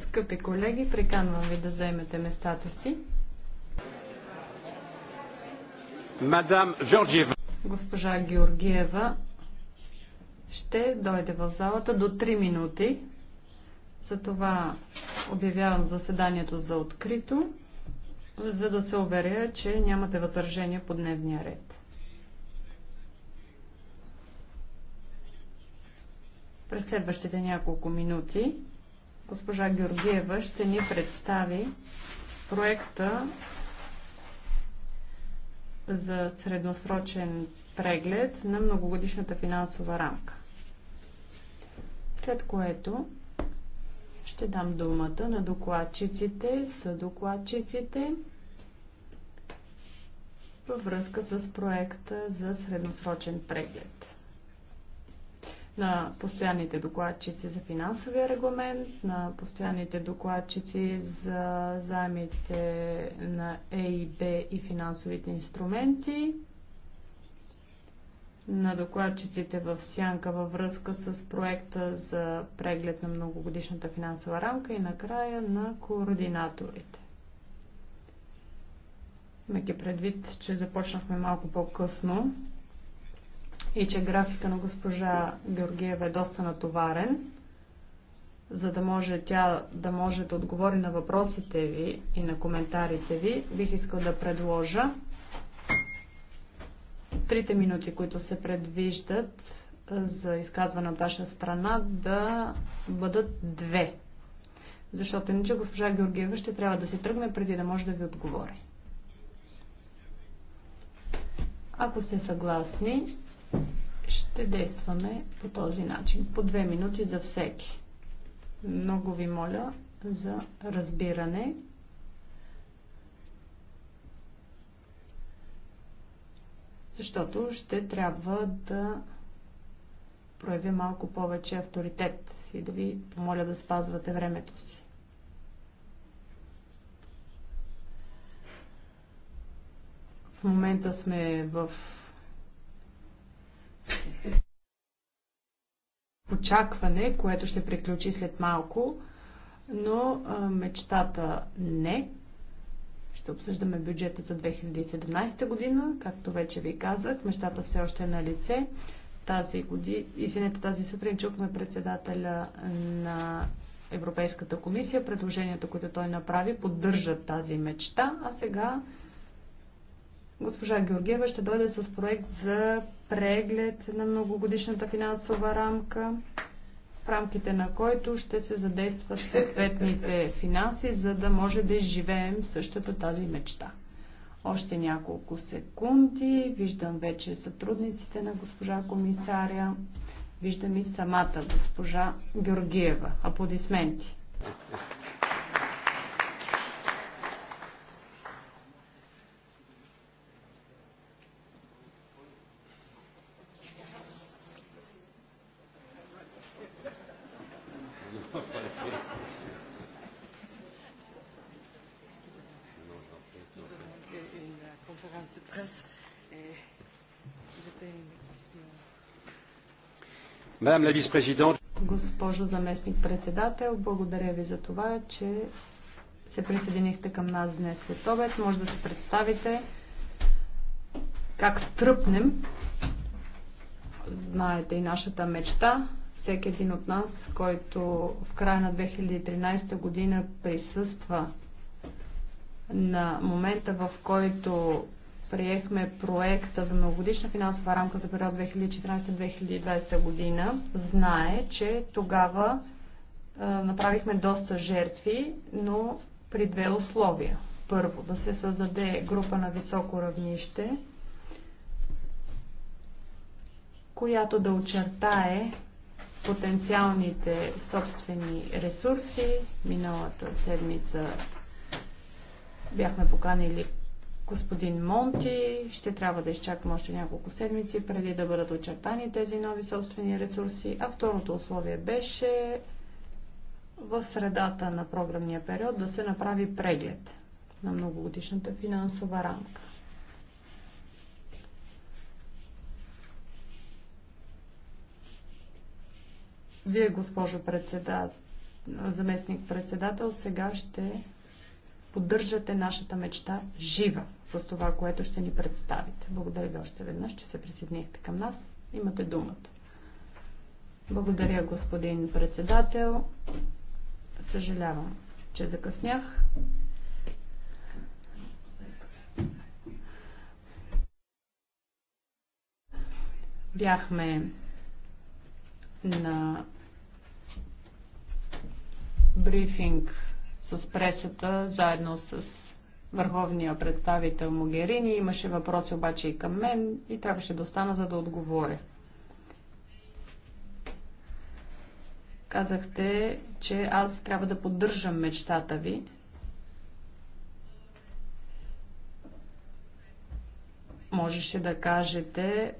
Скъпи колеги, приканвам ви да заемете местата си. Госпожа Георгиева ще дойде в залата до 3 минути. Затова обявявам заседанието за открито, за да се уверя, че нямате възражения по дневния ред. През следващите няколко минути госпожа Георгиева ще ни представи проекта за средносрочен преглед на многогодишната финансова рамка. След което ще дам думата на докладчиците, съдокладчиците във връзка с проекта за средносрочен преглед на постоянните докладчици за финансовия регламент, на постоянните докладчици за заемите на ЕИБ и финансовите инструменти, на докладчиците в Сянка във връзка с проекта за преглед на многогодишната финансова рамка и накрая на координаторите. Имайки предвид, че започнахме малко по-късно, и че графика на госпожа Георгиева е доста натоварен, за да може тя да може да отговори на въпросите ви и на коментарите ви, бих искал да предложа трите минути, които се предвиждат за изказване от ваша страна, да бъдат две. Защото иначе госпожа Георгиева ще трябва да се тръгне преди да може да ви отговори. Ако сте съгласни, ще действаме по този начин. По две минути за всеки. Много ви моля за разбиране. Защото ще трябва да проявя малко повече авторитет и да ви помоля да спазвате времето си. В момента сме в очакване, което ще приключи след малко, но а, мечтата не. Ще обсъждаме бюджета за 2017 година, както вече ви казах, мечтата все още е на лице. Тази година, извинете, тази сутрин чухме председателя на Европейската комисия. Предложенията, които той направи, поддържат тази мечта, а сега Госпожа Георгиева ще дойде с проект за преглед на многогодишната финансова рамка, в рамките на който ще се задействат съответните финанси, за да може да изживеем същата тази мечта. Още няколко секунди. Виждам вече сътрудниците на госпожа комисаря. Виждам и самата госпожа Георгиева. Аплодисменти. Madame la vice-présidente. Госпожо заместник-председател, благодаря ви за това, че се присъединихте към нас днес след обед. Може да се представите как тръпнем. Знаете и нашата мечта. Всеки един от нас, който в края на 2013 година присъства на момента, в който приехме проекта за многогодишна финансова рамка за период 2014-2020 година, знае, че тогава а, направихме доста жертви, но при две условия. Първо, да се създаде група на високо равнище, която да очертае потенциалните собствени ресурси. Миналата седмица бяхме поканили господин Монти. Ще трябва да изчакам още няколко седмици преди да бъдат очертани тези нови собствени ресурси. А второто условие беше в средата на програмния период да се направи преглед на многогодишната финансова рамка. Вие, госпожо председател, заместник председател, сега ще поддържате нашата мечта жива с това, което ще ни представите. Благодаря ви още веднъж, че се присъединихте към нас. Имате думата. Благодаря, господин председател. Съжалявам, че закъснях. Бяхме на брифинг с пресата, заедно с върховния представител Могерини. Имаше въпроси обаче и към мен и трябваше да остана, за да отговоря. Казахте, че аз трябва да поддържам мечтата ви. Можеше да кажете,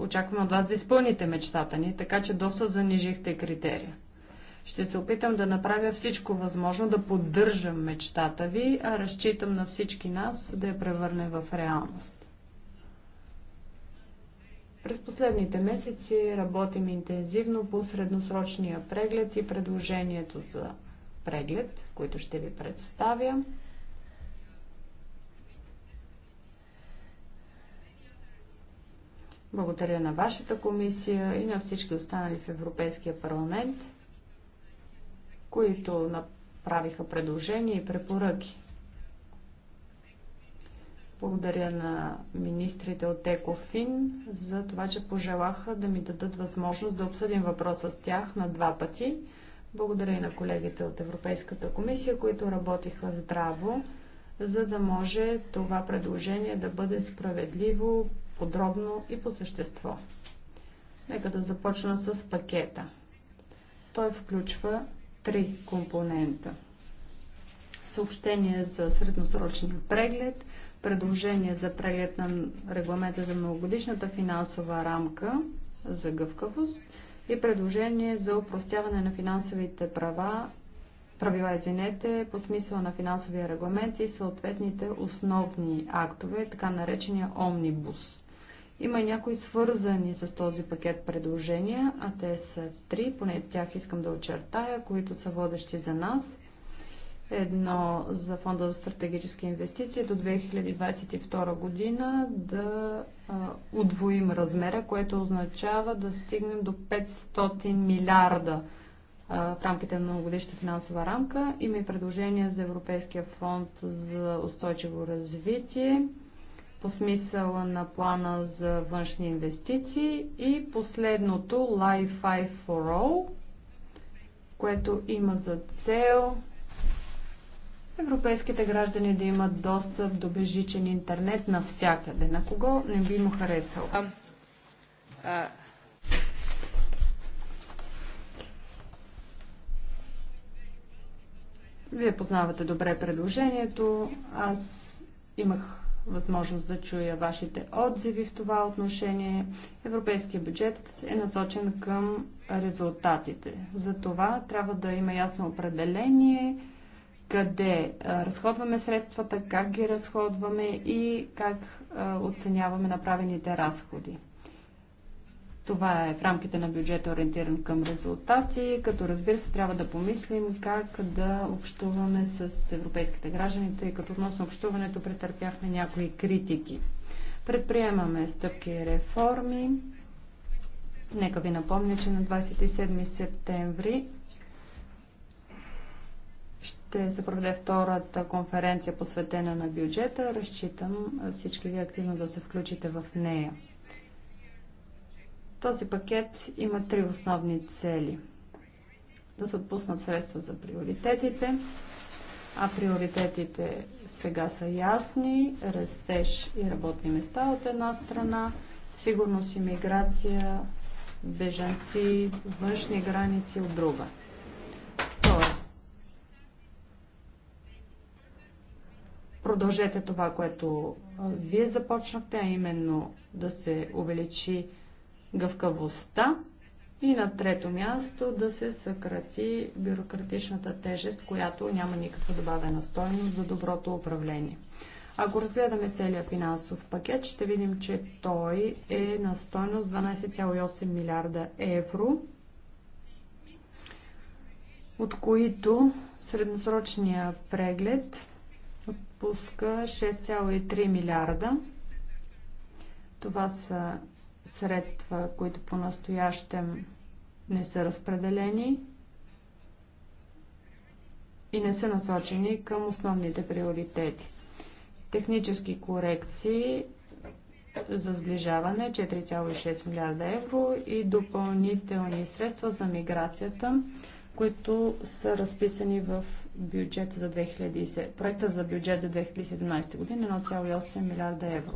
очакваме от вас да изпълните мечтата ни, така че доста занижихте критерия. Ще се опитам да направя всичко възможно да поддържам мечтата ви, а разчитам на всички нас да я превърне в реалност. През последните месеци работим интензивно по средносрочния преглед и предложението за преглед, които ще ви представя. Благодаря на вашата комисия и на всички останали в Европейския парламент – които направиха предложения и препоръки. Благодаря на министрите от ЕКОФИН за това, че пожелаха да ми дадат възможност да обсъдим въпроса с тях на два пъти. Благодаря и на колегите от Европейската комисия, които работиха здраво, за да може това предложение да бъде справедливо, подробно и по същество. Нека да започна с пакета. Той включва три компонента. Съобщение за средносрочния преглед, предложение за преглед на регламента за многогодишната финансова рамка за гъвкавост и предложение за упростяване на финансовите права, правила, извинете, по смисъла на финансовия регламент и съответните основни актове, така наречения омнибус. Има и някои свързани с този пакет предложения, а те са три, поне тях искам да очертая, които са водещи за нас. Едно за Фонда за стратегически инвестиции до 2022 година да а, удвоим размера, което означава да стигнем до 500 милиарда в рамките на многогодишната финансова рамка. Има и предложение за Европейския фонд за устойчиво развитие по смисъла на плана за външни инвестиции и последното Li-Fi for All, което има за цел европейските граждани да имат достъп до бежичен интернет навсякъде. На кого не би му харесал? А, а... Вие познавате добре предложението. Аз имах възможност да чуя вашите отзиви в това отношение. Европейския бюджет е насочен към резултатите. За това трябва да има ясно определение къде разходваме средствата, как ги разходваме и как оценяваме направените разходи. Това е в рамките на бюджета ориентиран към резултати, като разбира се трябва да помислим как да общуваме с европейските граждани, тъй като относно общуването претърпяхме някои критики. Предприемаме стъпки и реформи. Нека ви напомня, че на 27 септември ще се проведе втората конференция посветена на бюджета. Разчитам всички ви активно да се включите в нея. Този пакет има три основни цели. Да се отпуснат средства за приоритетите, а приоритетите сега са ясни. Растеж и работни места от една страна, сигурност и миграция, бежанци, външни граници от друга. Второ, продължете това, което вие започнахте, а именно да се увеличи гъвкавостта и на трето място да се съкрати бюрократичната тежест, която няма никаква добавена стойност за доброто управление. Ако разгледаме целият финансов пакет, ще видим, че той е на стойност 12,8 милиарда евро, от които средносрочния преглед отпуска 6,3 милиарда. Това са средства, които по-настоящем не са разпределени и не са насочени към основните приоритети. Технически корекции за сближаване 4,6 милиарда евро и допълнителни средства за миграцията, които са разписани в за 2000, проекта за бюджет за 2017 година 1,8 милиарда евро.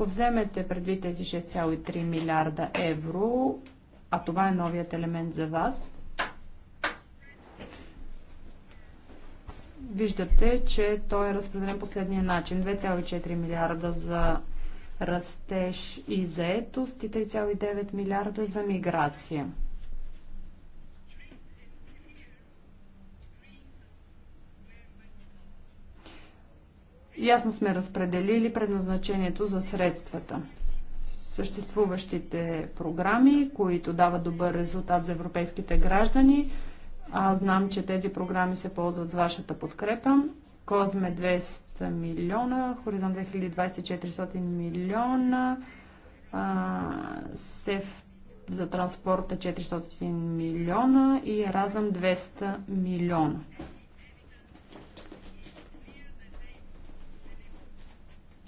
Ако вземете предвид тези 6,3 милиарда евро, а това е новият елемент за вас, виждате, че той е разпределен последния начин. 2,4 милиарда за растеж и заетост и 3,9 милиарда за миграция. Ясно сме разпределили предназначението за средствата. Съществуващите програми, които дават добър резултат за европейските граждани, а знам, че тези програми се ползват с вашата подкрепа. Козме 200 милиона, Хоризонт 2020 400 милиона, СЕФ за транспорта 400 милиона и Еразъм 200 милиона.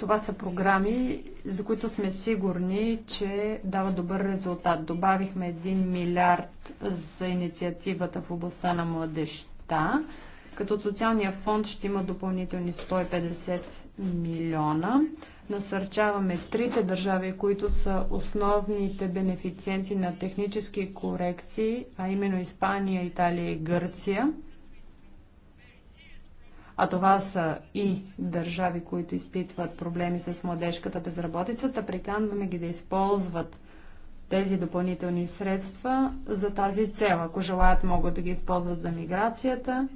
Това са програми, за които сме сигурни, че дава добър резултат. Добавихме 1 милиард за инициативата в областта на младеща, като социалния фонд ще има допълнителни 150 милиона. Насърчаваме трите държави, които са основните бенефициенти на технически корекции, а именно Испания, Италия и Гърция – а това са и държави, които изпитват проблеми с младежката безработица, да приканваме ги да използват тези допълнителни средства за тази цел. Ако желаят, могат да ги използват за миграцията.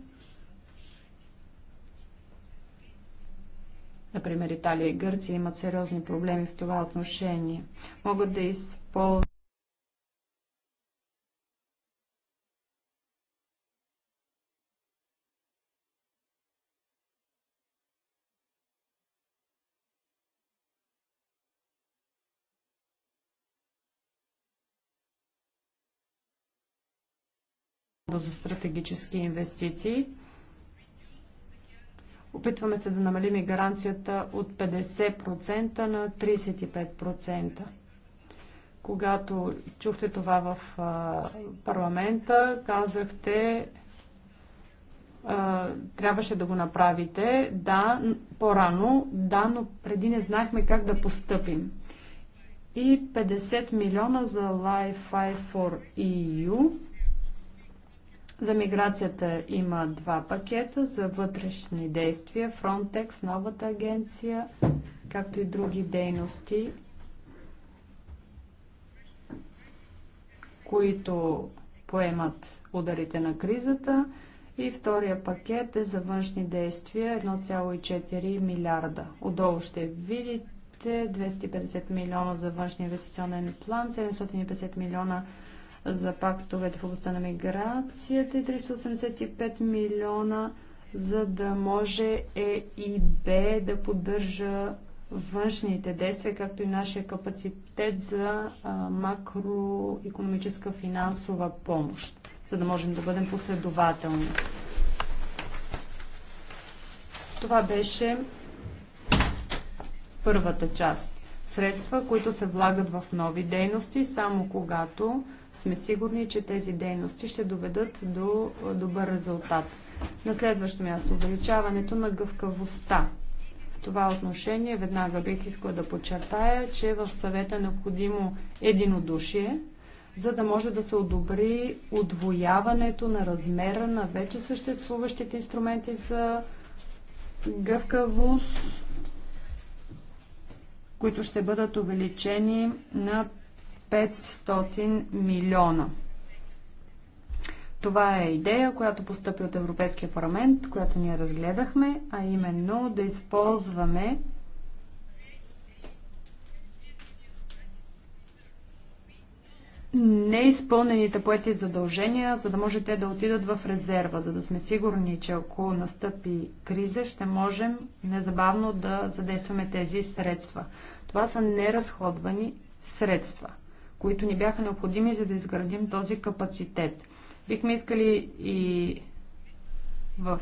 Например, Италия и Гърция имат сериозни проблеми в това отношение. Могат да използват фонда за стратегически инвестиции. Опитваме се да намалим и гаранцията от 50% на 35%. Когато чухте това в парламента, казахте, трябваше да го направите, да, по-рано, да, но преди не знахме как да постъпим. И 50 милиона за Life 5 for EU за миграцията има два пакета за вътрешни действия, Frontex, новата агенция, както и други дейности, които поемат ударите на кризата. И втория пакет е за външни действия 1,4 милиарда. Отдолу ще видите 250 милиона за външния инвестиционен план, 750 милиона за пактовете в областта на миграцията и 385 милиона, за да може ЕИБ да поддържа външните действия, както и нашия капацитет за макроекономическа финансова помощ, за да можем да бъдем последователни. Това беше първата част. Средства, които се влагат в нови дейности, само когато сме сигурни, че тези дейности ще доведат до добър резултат. На следващо място, увеличаването на гъвкавостта. В това отношение веднага бих искала да подчертая, че в съвета е необходимо единодушие, за да може да се одобри отвояването на размера на вече съществуващите инструменти за гъвкавост, които ще бъдат увеличени на 500 милиона. Това е идея, която постъпи от Европейския парламент, която ние разгледахме, а именно да използваме неизпълнените поети задължения, за да може те да отидат в резерва, за да сме сигурни, че ако настъпи криза, ще можем незабавно да задействаме тези средства. Това са неразходвани средства които ни бяха необходими, за да изградим този капацитет. Бихме искали и в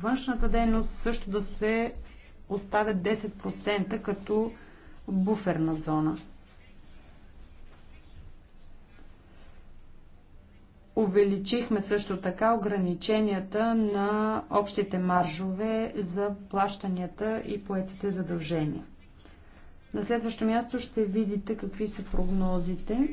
външната дейност също да се оставят 10% като буферна зона. Увеличихме също така ограниченията на общите маржове за плащанията и поетите задължения. На следващо място ще видите какви са прогнозите.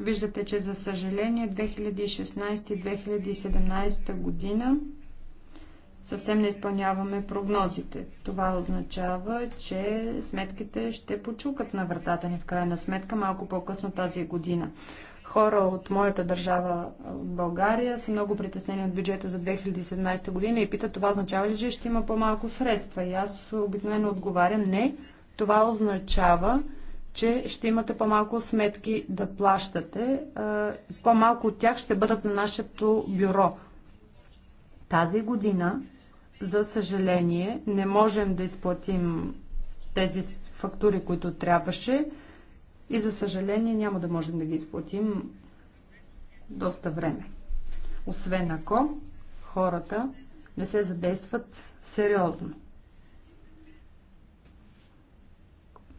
Виждате, че за съжаление 2016 2017 година съвсем не изпълняваме прогнозите. Това означава, че сметките ще почукат на вратата ни в крайна сметка малко по-късно тази година. Хора от моята държава България са много притеснени от бюджета за 2017 година и питат това означава ли, че ще има по-малко средства. И аз обикновено отговарям не. Това означава, че ще имате по-малко сметки да плащате. По-малко от тях ще бъдат на нашето бюро. Тази година, за съжаление, не можем да изплатим тези фактури, които трябваше и за съжаление няма да можем да ги изплатим доста време. Освен ако хората не се задействат сериозно.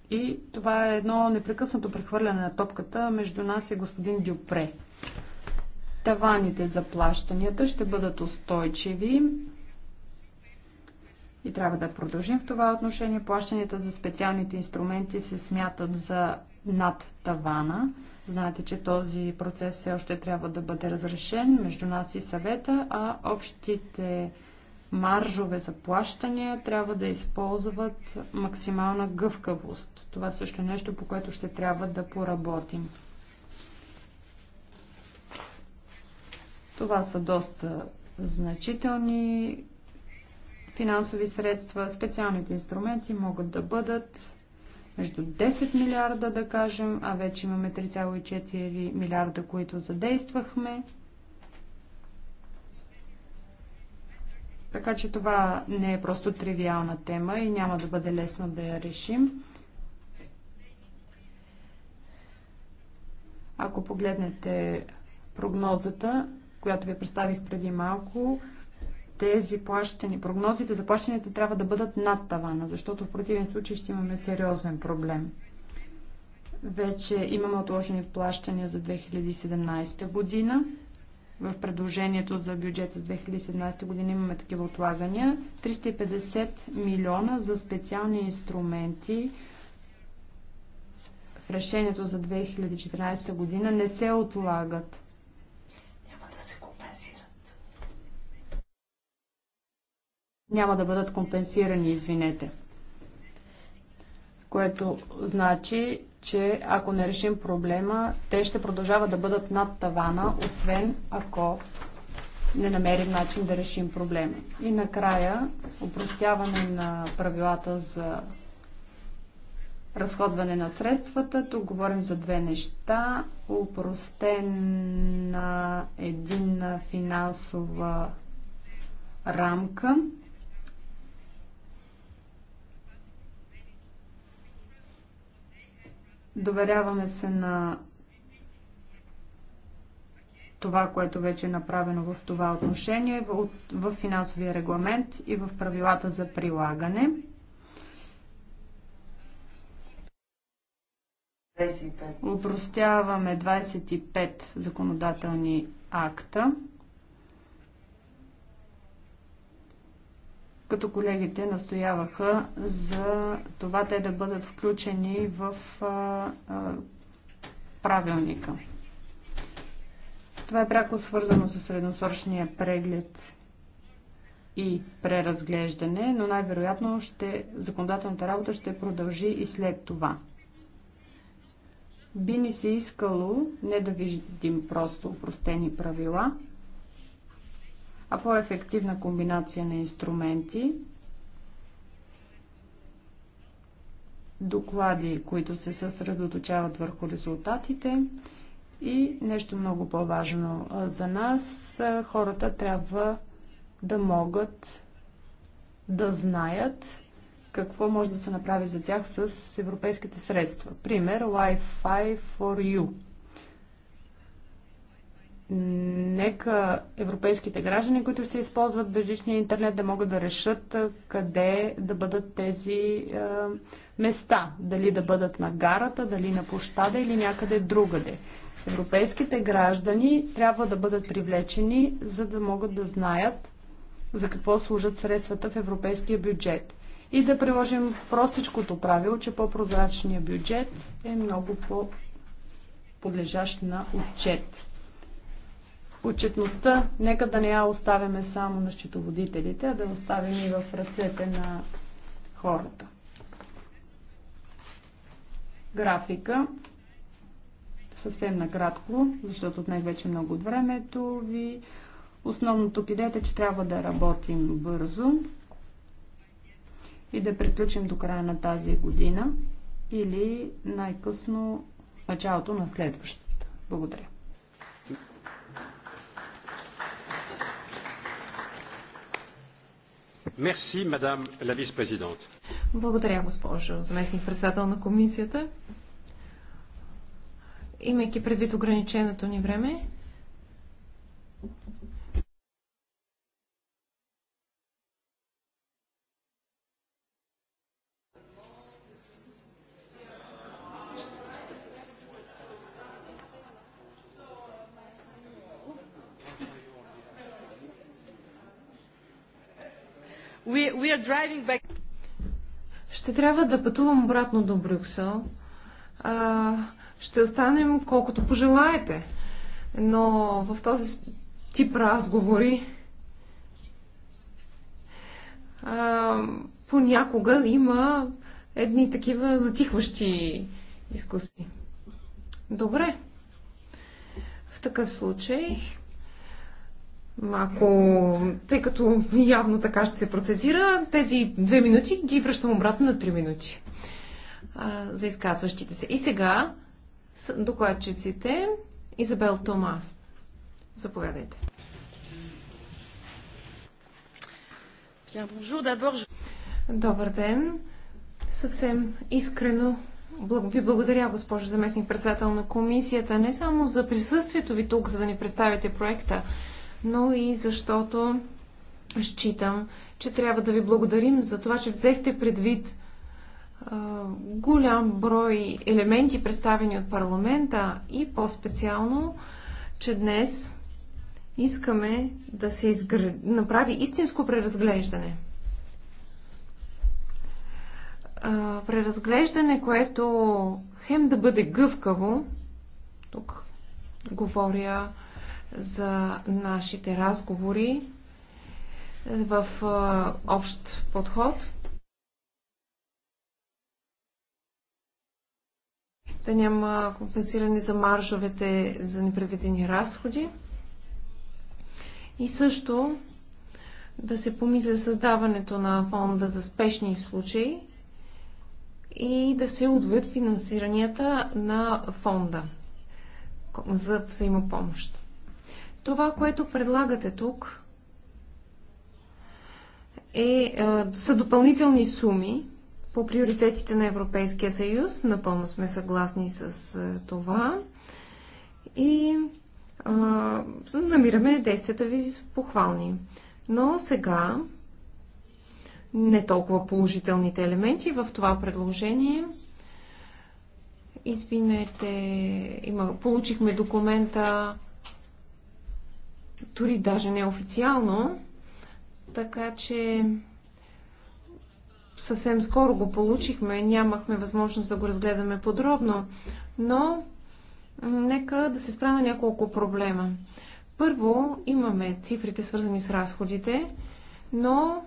И това е едно непрекъснато прехвърляне на топката между нас и господин Дюпре. Таваните за плащанията ще бъдат устойчиви и трябва да продължим в това отношение. Плащанията за специалните инструменти се смятат за над тавана. Знаете, че този процес все още трябва да бъде разрешен между нас и съвета, а общите маржове за плащания трябва да използват максимална гъвкавост. Това също е нещо, по което ще трябва да поработим. Това са доста значителни финансови средства. Специалните инструменти могат да бъдат между 10 милиарда, да кажем, а вече имаме 3,4 милиарда, които задействахме. Така че това не е просто тривиална тема и няма да бъде лесно да я решим. Ако погледнете прогнозата, която ви представих преди малко, тези плащани, прогнозите за плащанията трябва да бъдат над тавана, защото в противен случай ще имаме сериозен проблем. Вече имаме отложени плащания за 2017 година. В предложението за бюджета за 2017 година имаме такива отлагания. 350 милиона за специални инструменти в решението за 2014 година не се отлагат няма да бъдат компенсирани, извинете. Което значи, че ако не решим проблема, те ще продължават да бъдат над тавана, освен ако не намерим начин да решим проблема. И накрая, упростяване на правилата за разходване на средствата. Тук говорим за две неща. Упростена единна финансова рамка Доверяваме се на това, което вече е направено в това отношение, в, финансовия регламент и в правилата за прилагане. 25. Упростяваме 25 законодателни акта. като колегите настояваха за това те да бъдат включени в правилника. Това е пряко свързано с средносрочния преглед и преразглеждане, но най-вероятно ще, законодателната работа ще продължи и след това. Би ни се искало не да видим просто упростени правила, а по-ефективна комбинация на инструменти, доклади, които се съсредоточават върху резултатите и нещо много по-важно за нас, хората трябва да могат да знаят какво може да се направи за тях с европейските средства. Пример Wi-Fi for You. Нека европейските граждани, които ще използват безжичния интернет, да могат да решат къде да бъдат тези е, места. Дали да бъдат на гарата, дали на площада или някъде другаде. Европейските граждани трябва да бъдат привлечени, за да могат да знаят за какво служат средствата в европейския бюджет. И да приложим простичкото правило, че по-прозрачният бюджет е много по-подлежащ на отчет. Отчетността, нека да не я оставяме само на счетоводителите, а да я оставим и в ръцете на хората. Графика съвсем накратко, защото отнех вече много от времето ви. Основно тук идеята е, че трябва да работим бързо и да приключим до края на тази година или най-късно началото на следващата. Благодаря. Merci, Благодаря, госпожо заместник председател на комисията. Имайки предвид ограниченото ни време, Ще трябва да пътувам обратно до Брюксел. А, ще останем колкото пожелаете. Но в този тип разговори а, понякога има едни такива затихващи изкуси. Добре. В такъв случай ако, тъй като явно така ще се процедира, тези две минути ги връщам обратно на три минути а, за изказващите се. И сега с докладчиците Изабел Томас. Заповядайте. Добър ден. Съвсем искрено ви благодаря, госпожо заместник председател на комисията, не само за присъствието ви тук, за да ни представите проекта, но и защото считам, че трябва да ви благодарим за това, че взехте предвид голям брой елементи, представени от парламента и по-специално, че днес искаме да се изгр... направи истинско преразглеждане. преразглеждане, което хем да бъде гъвкаво, тук говоря за нашите разговори в общ подход. Да няма компенсиране за маржовете за непредвидени разходи. И също да се помисли създаването на фонда за спешни случаи и да се отвъд финансиранията на фонда за взаимопомощ. Това, което предлагате тук, е, е, са допълнителни суми по приоритетите на Европейския съюз. Напълно сме съгласни с е, това. И е, намираме действията ви похвални. Но сега не толкова положителните елементи в това предложение. Извинете, има, получихме документа дори даже неофициално. Така че съвсем скоро го получихме, нямахме възможност да го разгледаме подробно, но нека да се спра на няколко проблема. Първо, имаме цифрите свързани с разходите, но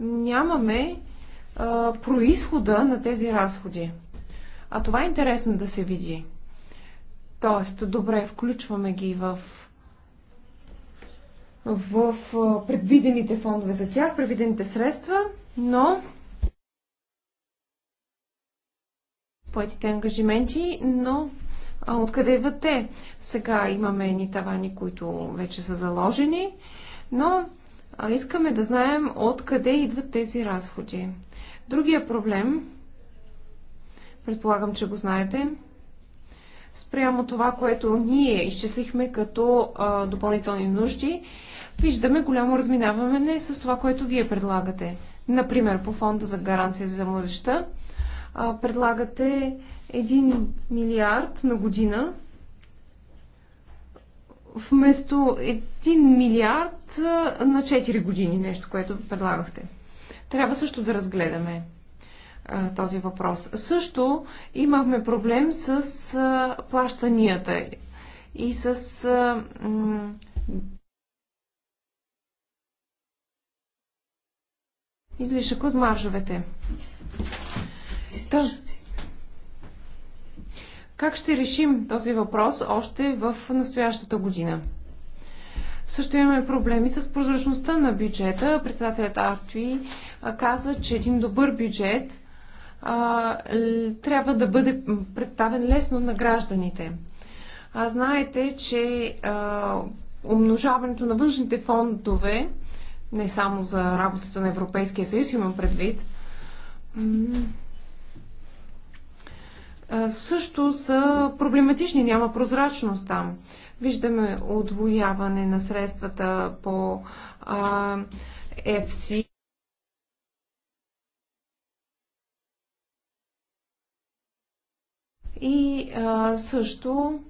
нямаме а, происхода на тези разходи. А това е интересно да се види. Тоест, добре, включваме ги в в предвидените фондове за тях, предвидените средства, но поетите ангажименти, но а, откъде идват те? Сега имаме ни тавани, които вече са заложени, но искаме да знаем откъде идват тези разходи. Другия проблем, предполагам, че го знаете, спрямо това, което ние изчислихме като а, допълнителни нужди, виждаме голямо разминаване с това, което вие предлагате. Например, по фонда за гаранция за младеща предлагате 1 милиард на година вместо 1 милиард на 4 години, нещо, което предлагахте. Трябва също да разгледаме този въпрос. Също имахме проблем с плащанията и с излишък от маржовете. как ще решим този въпрос още в настоящата година? Също имаме проблеми с прозрачността на бюджета. Председателят Артви каза, че един добър бюджет а, трябва да бъде представен лесно на гражданите. А знаете, че а, умножаването на външните фондове не само за работата на Европейския съюз, имам предвид, също са проблематични, няма прозрачност там. Виждаме отвояване на средствата по а, FC. И а, също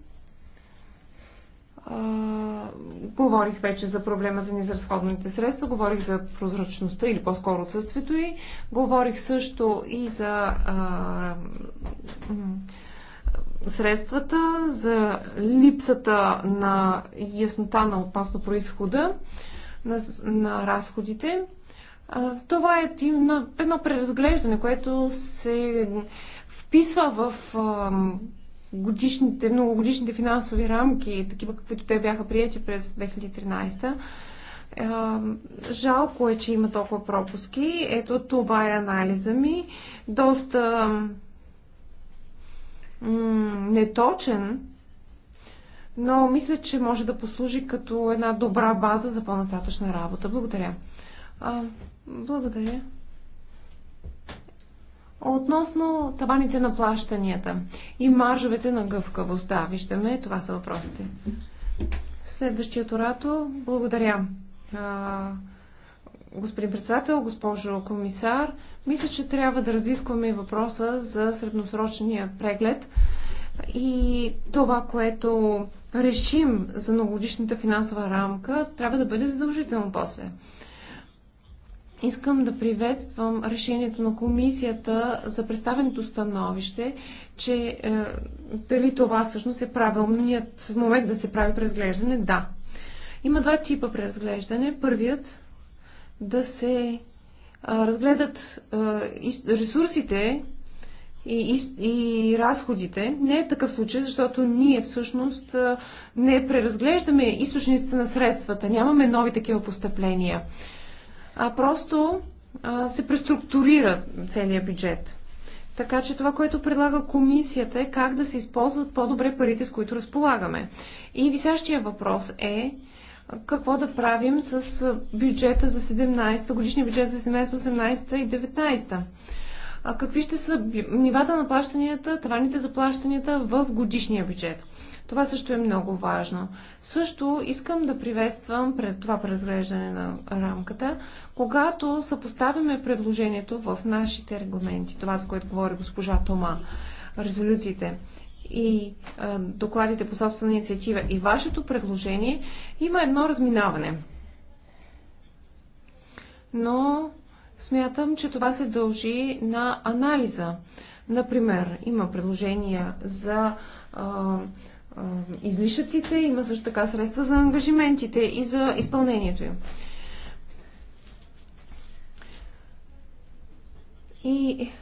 говорих вече за проблема за незразходните средства, говорих за прозрачността или по-скоро отсъствието и, говорих също и за а, средствата, за липсата на яснота на относно происхода на, на разходите. А, това е едно преразглеждане, което се вписва в а, годишните, многогодишните финансови рамки, такива каквито те бяха прияти през 2013. Жалко е, че има толкова пропуски. Ето това е анализа ми. Доста неточен, но мисля, че може да послужи като една добра база за по-нататъчна работа. Благодаря. А, благодаря. Относно табаните на плащанията и маржовете на гъвкавост. Да, виждаме, това са въпросите. Следващият оратор. Благодаря. господин председател, госпожо комисар, мисля, че трябва да разискваме въпроса за средносрочния преглед и това, което решим за многогодишната финансова рамка, трябва да бъде задължително после. Искам да приветствам решението на комисията за представеното становище, че е, дали това всъщност е правилният момент да се прави преразглеждане. Да. Има два типа преразглеждане. Първият да се а, е, разгледат а, е, ресурсите и, и, и разходите. Не е такъв случай, защото ние всъщност а, е, не преразглеждаме източниците на средствата. Нямаме нови такива постъпления а просто а, се преструктурира целият бюджет. Така че това, което предлага комисията е как да се използват по-добре парите, с които разполагаме. И висящия въпрос е какво да правим с бюджета за 17 та годишния бюджет за 17, 18 и 19 а какви ще са нивата на плащанията, таваните за плащанията в годишния бюджет. Това също е много важно. Също искам да приветствам пред това преразглеждане на рамката, когато съпоставяме предложението в нашите регламенти, това за което говори госпожа Тома, резолюциите и а, докладите по собствена инициатива и вашето предложение, има едно разминаване. Но смятам, че това се дължи на анализа. Например, има предложения за а, излишъците, има също така средства за ангажиментите и за изпълнението им. И е,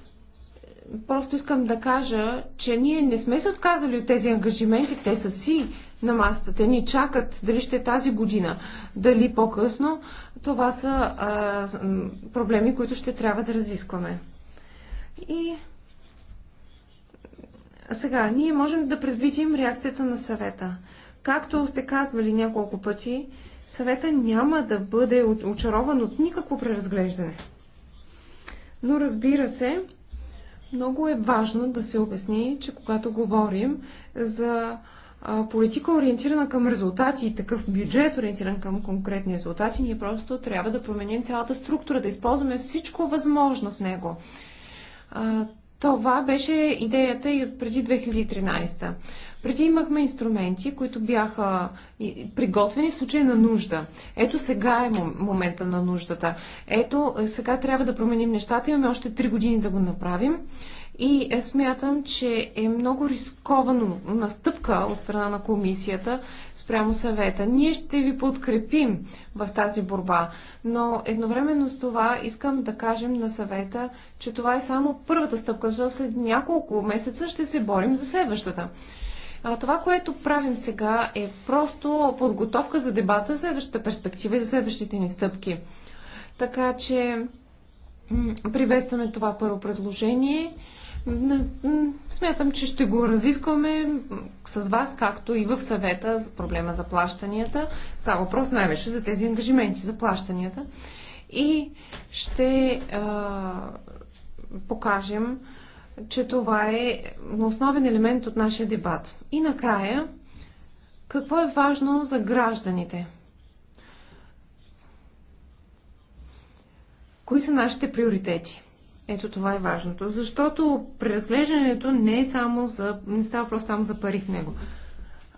просто искам да кажа, че ние не сме се отказали от тези ангажименти, те са си на масата, те ни чакат, дали ще е тази година, дали по-късно. Това са а, проблеми, които ще трябва да разискваме. И сега, ние можем да предвидим реакцията на съвета. Както сте казвали няколко пъти, съвета няма да бъде очарован от никакво преразглеждане. Но разбира се, много е важно да се обясни, че когато говорим за политика ориентирана към резултати и такъв бюджет ориентиран към конкретни резултати, ние просто трябва да променим цялата структура, да използваме всичко възможно в него. Това беше идеята и от преди 2013. Преди имахме инструменти, които бяха приготвени в случай на нужда. Ето сега е момента на нуждата. Ето е, сега трябва да променим нещата. Имаме още 3 години да го направим. И е, смятам, че е много рисковано настъпка от страна на комисията спрямо съвета. Ние ще ви подкрепим в тази борба, но едновременно с това искам да кажем на съвета, че това е само първата стъпка, защото след няколко месеца ще се борим за следващата. А това, което правим сега е просто подготовка за дебата, за следващата перспектива и за следващите ни стъпки. Така че приветстваме това първо предложение. Смятам, че ще го разискваме с вас, както и в съвета за проблема за плащанията. Става въпрос най-вече за тези ангажименти за плащанията. И ще а, покажем, че това е основен елемент от нашия дебат. И накрая, какво е важно за гражданите? Кои са нашите приоритети? Ето това е важното, защото преразглеждането не, е само за, не става просто само за пари в него,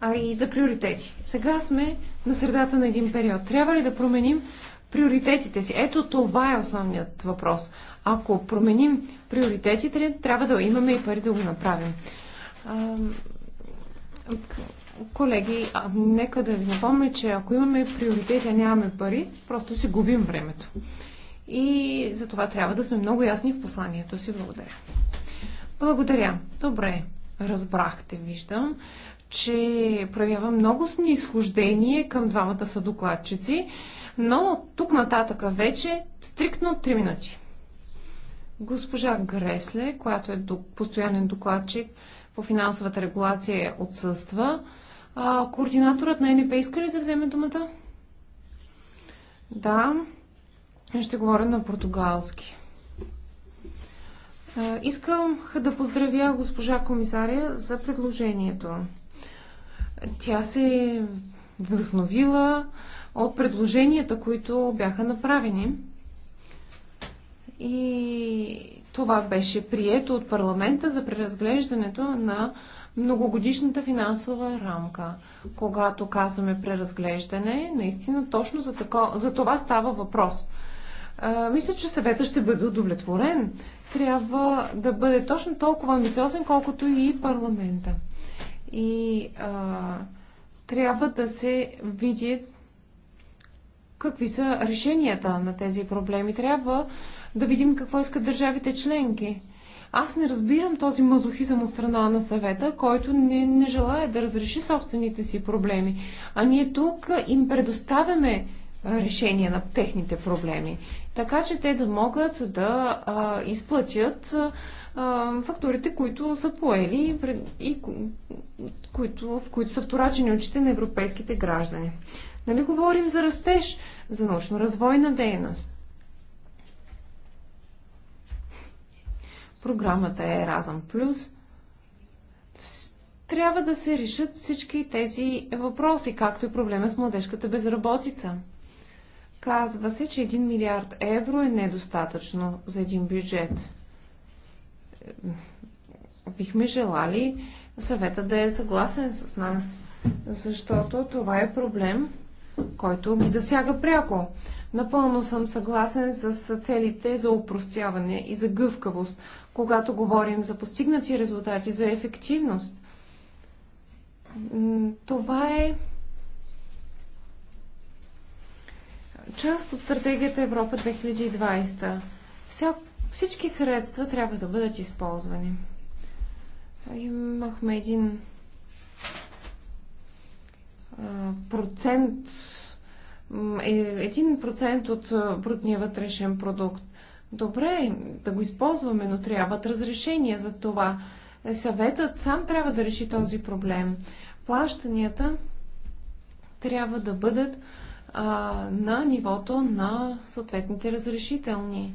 а и за приоритети. Сега сме на средата на един период. Трябва ли да променим приоритетите си? Ето това е основният въпрос. Ако променим приоритетите, трябва да имаме и пари да го направим. Колеги, а, нека да ви напомня, че ако имаме приоритети, а нямаме пари, просто си губим времето и за това трябва да сме много ясни в посланието си. Благодаря. Благодаря. Добре, разбрахте, виждам, че проявява много снисхождение към двамата са докладчици, но тук нататъка вече стриктно 3 минути. Госпожа Гресле, която е постоянен докладчик по финансовата регулация, отсъства. координаторът на НП иска ли да вземе думата? Да. Ще говоря на португалски. Е, искам да поздравя госпожа комисаря за предложението. Тя се вдъхновила от предложенията, които бяха направени. И това беше прието от парламента за преразглеждането на многогодишната финансова рамка. Когато казваме преразглеждане, наистина точно за, тако, за това става въпрос – мисля, че съвета ще бъде удовлетворен. Трябва да бъде точно толкова амбициозен, колкото и парламента. И а, трябва да се види какви са решенията на тези проблеми. Трябва да видим какво искат държавите членки. Аз не разбирам този мазохизъм от страна на съвета, който не, не желая да разреши собствените си проблеми. А ние тук им предоставяме решение на техните проблеми така че те да могат да а, изплатят а, факторите, които са поели и които, в които са вторачени очите на европейските граждани. Нали говорим за растеж, за научно-развойна дейност? Програмата е Еразъм Плюс. Трябва да се решат всички тези въпроси, както и проблема с младежката безработица – Казва се, че 1 милиард евро е недостатъчно за един бюджет. Бихме желали съвета да е съгласен с нас, защото това е проблем, който ми засяга пряко. Напълно съм съгласен с целите за упростяване и за гъвкавост, когато говорим за постигнати резултати, за ефективност. Това е част от стратегията Европа 2020. Вся, всички средства трябва да бъдат използвани. Имахме един процент, е, един процент от брутния вътрешен продукт. Добре, да го използваме, но трябват разрешения за това. Съветът сам трябва да реши този проблем. Плащанията трябва да бъдат а, на нивото на съответните разрешителни.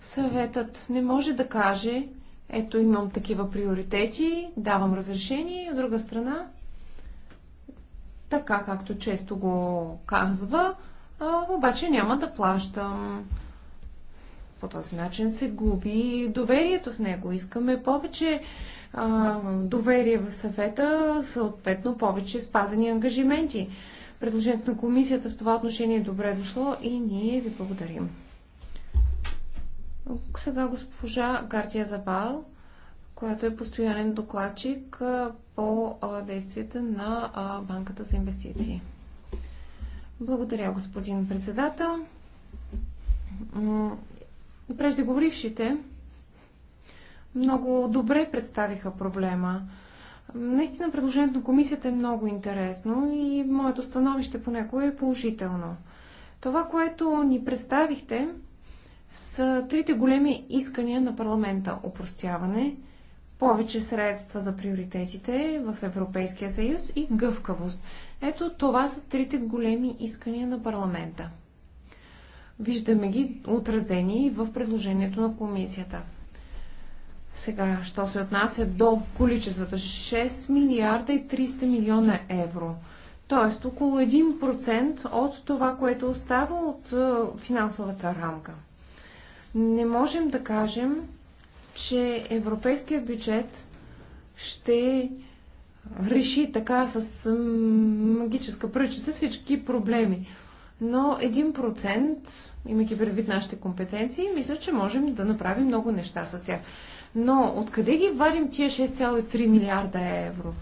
Съветът не може да каже, ето имам такива приоритети, давам разрешение и от друга страна, така както често го казва, а, обаче няма да плащам. По този начин се губи доверието в него. Искаме повече доверие в съвета, съответно повече спазени ангажименти. Предложението на комисията в това отношение е добре дошло и ние ви благодарим. Сега госпожа Гартия Забал, която е постоянен докладчик по действията на Банката за инвестиции. Благодаря, господин председател. Преждеговорившите много добре представиха проблема. Наистина предложението на комисията е много интересно и моето становище него е положително. Това, което ни представихте, са трите големи искания на парламента. Опростяване, повече средства за приоритетите в Европейския съюз и гъвкавост. Ето това са трите големи искания на парламента. Виждаме ги отразени в предложението на комисията. Сега, що се отнася до количествата 6 милиарда и 300 милиона евро. Тоест около 1% от това, което остава от е, финансовата рамка. Не можем да кажем, че европейският бюджет ще реши така с магическа пръчица всички проблеми. Но 1%, имайки предвид нашите компетенции, мисля, че можем да направим много неща с тях. Но откъде ги вадим тия 6,3 милиарда евро?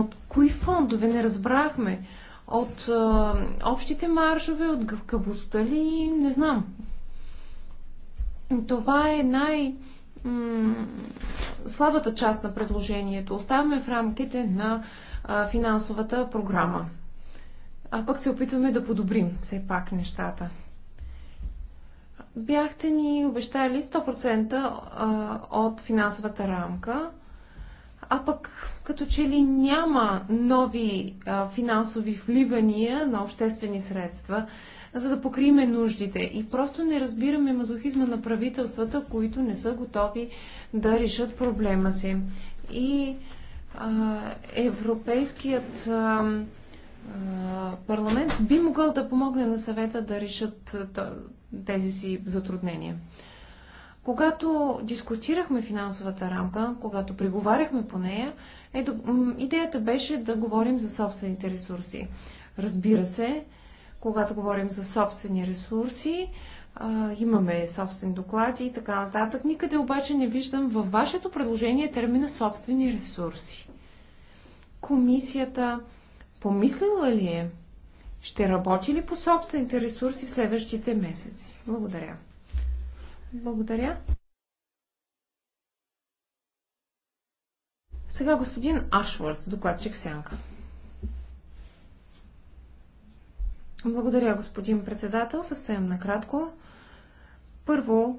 От кои фондове не разбрахме? От а, общите маржове, от гъвкавостта ли? Не знам. Това е най- слабата част на предложението. Оставаме в рамките на а, финансовата програма. А пък се опитваме да подобрим все пак нещата бяхте ни обещали 100% от финансовата рамка, а пък като че ли няма нови финансови вливания на обществени средства, за да покриме нуждите. И просто не разбираме мазохизма на правителствата, които не са готови да решат проблема си. И а, Европейският а, парламент би могъл да помогне на съвета да решат тези си затруднения. Когато дискутирахме финансовата рамка, когато преговаряхме по нея, е, идеята беше да говорим за собствените ресурси. Разбира се, когато говорим за собствени ресурси, а, имаме собствени доклади и така нататък. Никъде обаче не виждам във вашето предложение термина собствени ресурси. Комисията помислила ли е ще работи ли по собствените ресурси в следващите месеци? Благодаря. Благодаря. Сега господин Ашвардс, докладчик в сянка. Благодаря, господин председател. Съвсем накратко. Първо,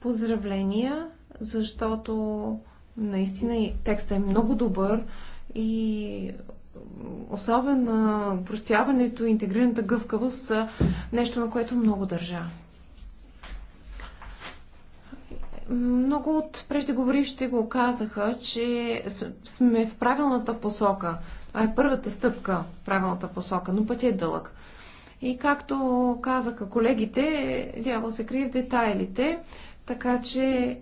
поздравления, защото наистина текстът е много добър и особено простяването и интегрираната гъвкавост са нещо, на което много държа. Много от преждеговорившите го казаха, че сме в правилната посока. Това е първата стъпка в правилната посока, но пътя е дълъг. И както казаха колегите, дявол се крие в детайлите, така че е,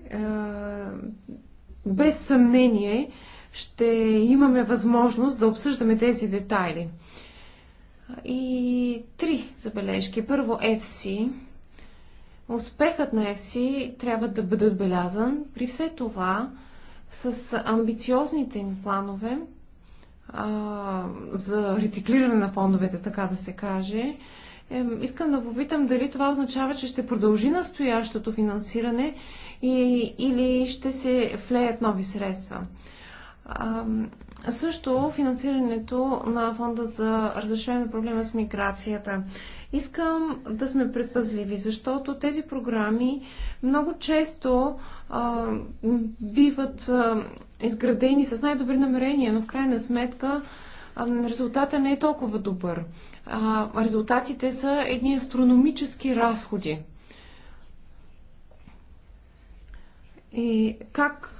без съмнение ще имаме възможност да обсъждаме тези детайли. И три забележки. Първо FC. Успехът на FC трябва да бъде отбелязан. При все това, с амбициозните им планове а, за рециклиране на фондовете, така да се каже, е, искам да попитам дали това означава, че ще продължи настоящото финансиране и, или ще се влеят нови средства също финансирането на фонда за разрешение на проблема с миграцията. Искам да сме предпазливи, защото тези програми много често а, биват а, изградени с най-добри намерения, но в крайна сметка а, резултата не е толкова добър. А, резултатите са едни астрономически разходи. И как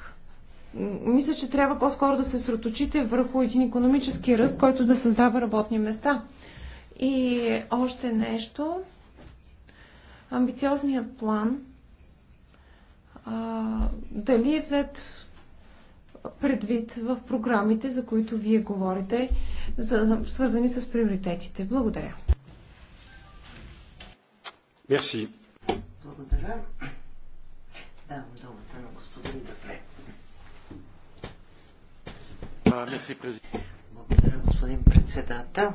мисля, че трябва по-скоро да се сроточите върху един економически ръст, който да създава работни места. И още нещо. Амбициозният план. А, дали е взет предвид в програмите, за които вие говорите, за, свързани с приоритетите? Благодаря. Мерси. Благодаря. Да, Благодаря, господин председател.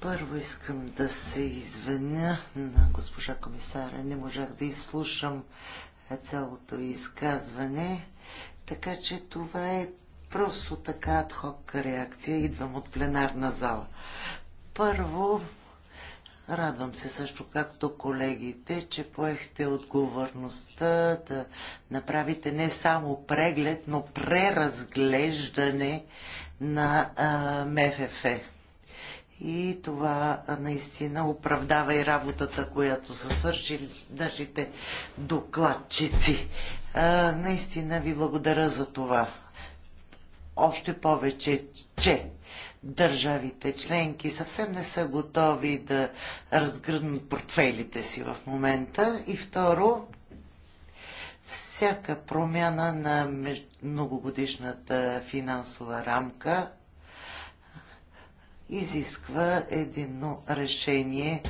Първо искам да се извиня на госпожа комисара. Не можах да изслушам цялото изказване, така че това е просто така адхок реакция. Идвам от пленарна зала. Първо Радвам се също, както колегите, че поехте отговорността да направите не само преглед, но преразглеждане на а, МФФ. И това наистина оправдава и работата, която са свършили нашите докладчици. А, наистина ви благодаря за това. Още повече, че държавите членки съвсем не са готови да разгръднат портфелите си в момента. И второ, всяка промяна на многогодишната финансова рамка изисква едно решение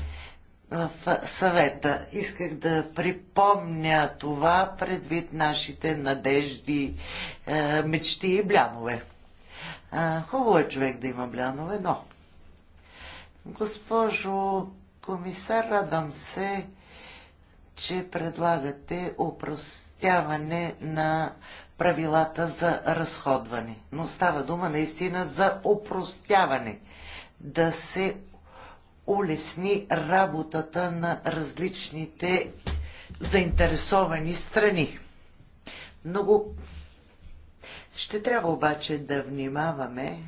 в съвета. Исках да припомня това предвид нашите надежди, е, мечти и блянове. А, хубаво е човек да има блянове, но... Госпожо комисар, радвам се, че предлагате упростяване на правилата за разходване. Но става дума наистина за упростяване. Да се улесни работата на различните заинтересовани страни. Много ще трябва обаче да внимаваме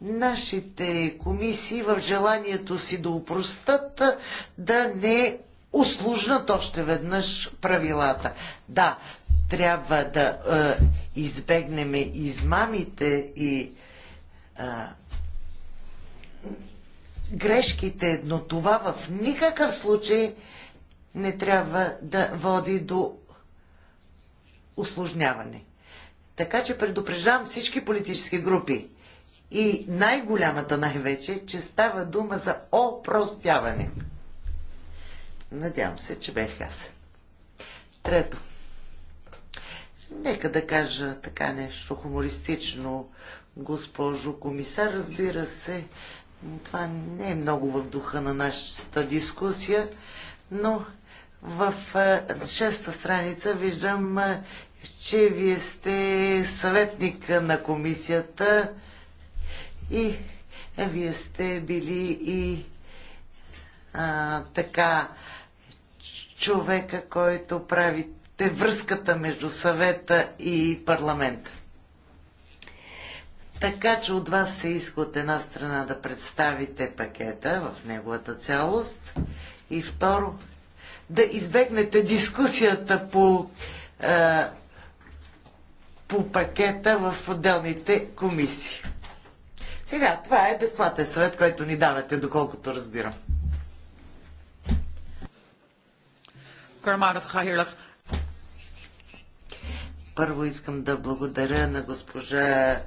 нашите комисии в желанието си да упростат, да не услужнат още веднъж правилата. Да, трябва да е, избегнем измамите и е, грешките, но това в никакъв случай не трябва да води до усложняване. Така че предупреждавам всички политически групи. И най-голямата най-вече, че става дума за опростяване. Надявам се, че бех аз. Трето. Нека да кажа така нещо хумористично, госпожо комисар. Разбира се, това не е много в духа на нашата дискусия, но в шеста страница виждам че вие сте съветник на комисията и вие сте били и а, така човека, който правите връзката между съвета и парламента. Така че от вас се иска от една страна да представите пакета в неговата цялост и второ да избегнете дискусията по а, е, по пакета в отделните комисии. Сега, това е безплатен съвет, който ни давате, доколкото разбирам. Първо искам да благодаря на госпожа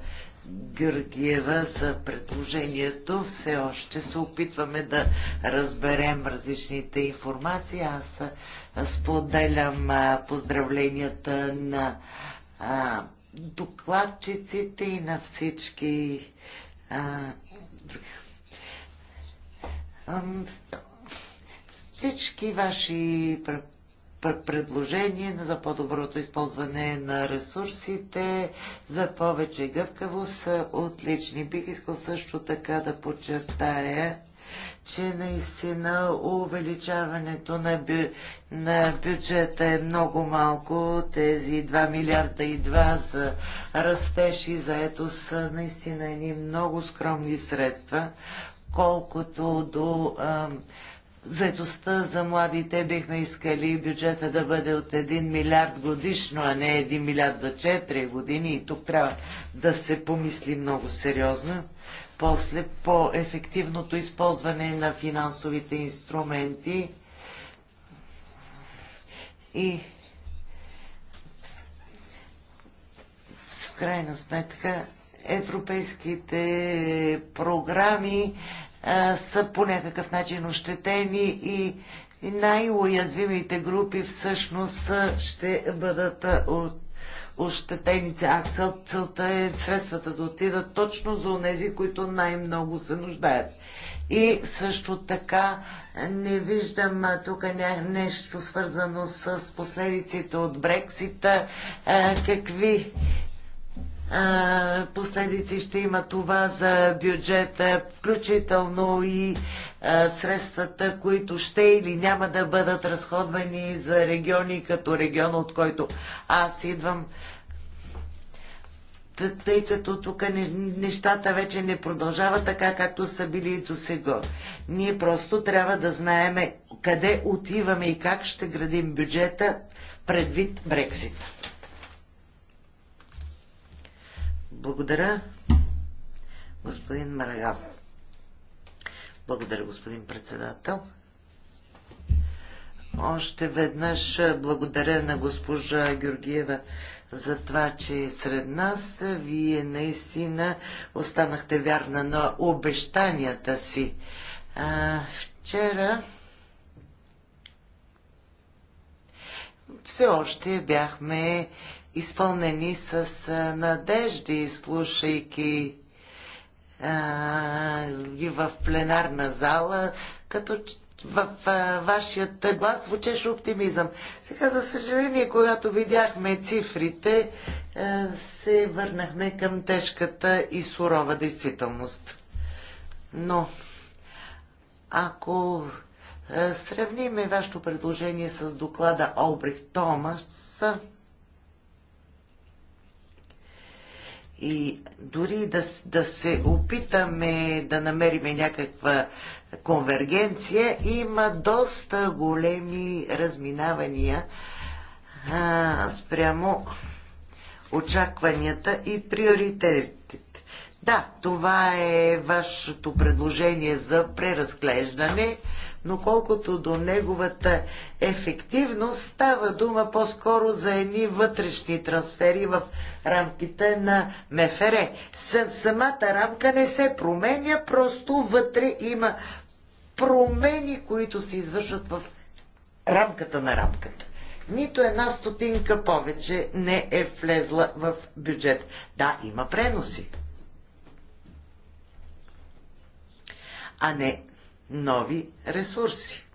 Георгиева за предложението. Все още се опитваме да разберем различните информации. Аз споделям поздравленията на а, докладчиците и на всички а, всички ваши предложения за по-доброто използване на ресурсите, за повече гъвкавост са отлични. Бих искал също така да подчертая, че наистина увеличаването на, бю, на бюджета е много малко. Тези 2 милиарда и 2 за растеж и ето са наистина едни много скромни средства, колкото до а, заедостта за младите бихме искали бюджета да бъде от 1 милиард годишно, а не 1 милиард за 4 години. И тук трябва да се помисли много сериозно после по-ефективното използване на финансовите инструменти и в крайна сметка европейските програми а, са по някакъв начин ощетени и, и най-уязвимите групи всъщност ще бъдат от Ощетеница, А целта е средствата да отидат точно за тези, които най-много се нуждаят. И също така не виждам тук нещо свързано с последиците от Брексита. Какви последици ще има това за бюджета, включително и средствата, които ще или няма да бъдат разходвани за региони като регион, от който аз идвам. Тъй като тук нещата вече не продължават така, както са били и до сега. Ние просто трябва да знаеме къде отиваме и как ще градим бюджета предвид Брексита. Благодаря, господин Марагал. Благодаря, господин председател. Още веднъж благодаря на госпожа Георгиева за това, че е сред нас. Вие наистина останахте вярна на обещанията си. А, вчера все още бяхме изпълнени с надежди, слушайки ви в пленарна зала, като в вашият глас звучеше оптимизъм. Сега, за съжаление, когато видяхме цифрите, а, се върнахме към тежката и сурова действителност. Но, ако а, сравниме вашето предложение с доклада Обрих Томас, И дори да, да се опитаме да намериме някаква конвергенция, има доста големи разминавания а, спрямо очакванията и приоритетите да, това е вашето предложение за преразглеждане, но колкото до неговата ефективност, става дума по-скоро за едни вътрешни трансфери в рамките на МФР. Самата рамка не се променя, просто вътре има промени, които се извършват в рамката на рамката. Нито една стотинка повече не е влезла в бюджет. Да, има преноси. а не нови ресурси.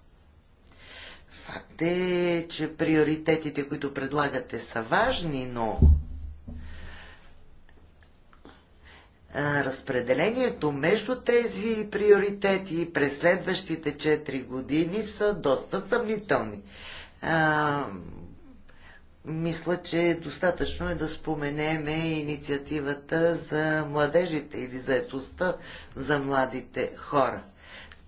Факт е, че приоритетите, които предлагате, са важни, но разпределението между тези приоритети през следващите 4 години са доста съмнителни мисля, че е достатъчно е да споменеме инициативата за младежите или заетостта за младите хора.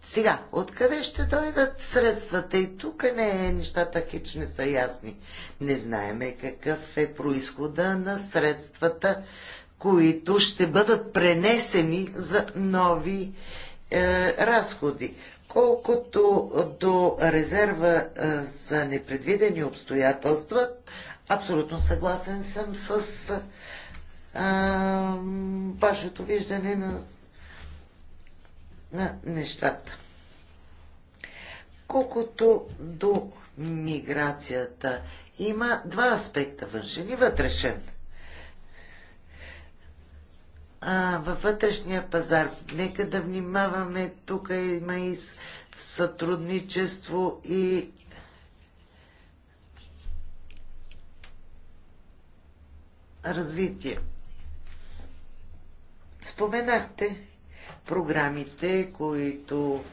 Сега, откъде ще дойдат средствата? И тук не, е, нещата хич не са ясни. Не знаеме какъв е происхода на средствата, които ще бъдат пренесени за нови е, разходи. Колкото до резерва е, за непредвидени обстоятелства, Абсолютно съгласен съм с а, вашето виждане на, на нещата. Колкото до миграцията, има два аспекта външен и вътрешен. А, във вътрешния пазар, нека да внимаваме, тук има и сътрудничество и развитие. Споменахте програмите, които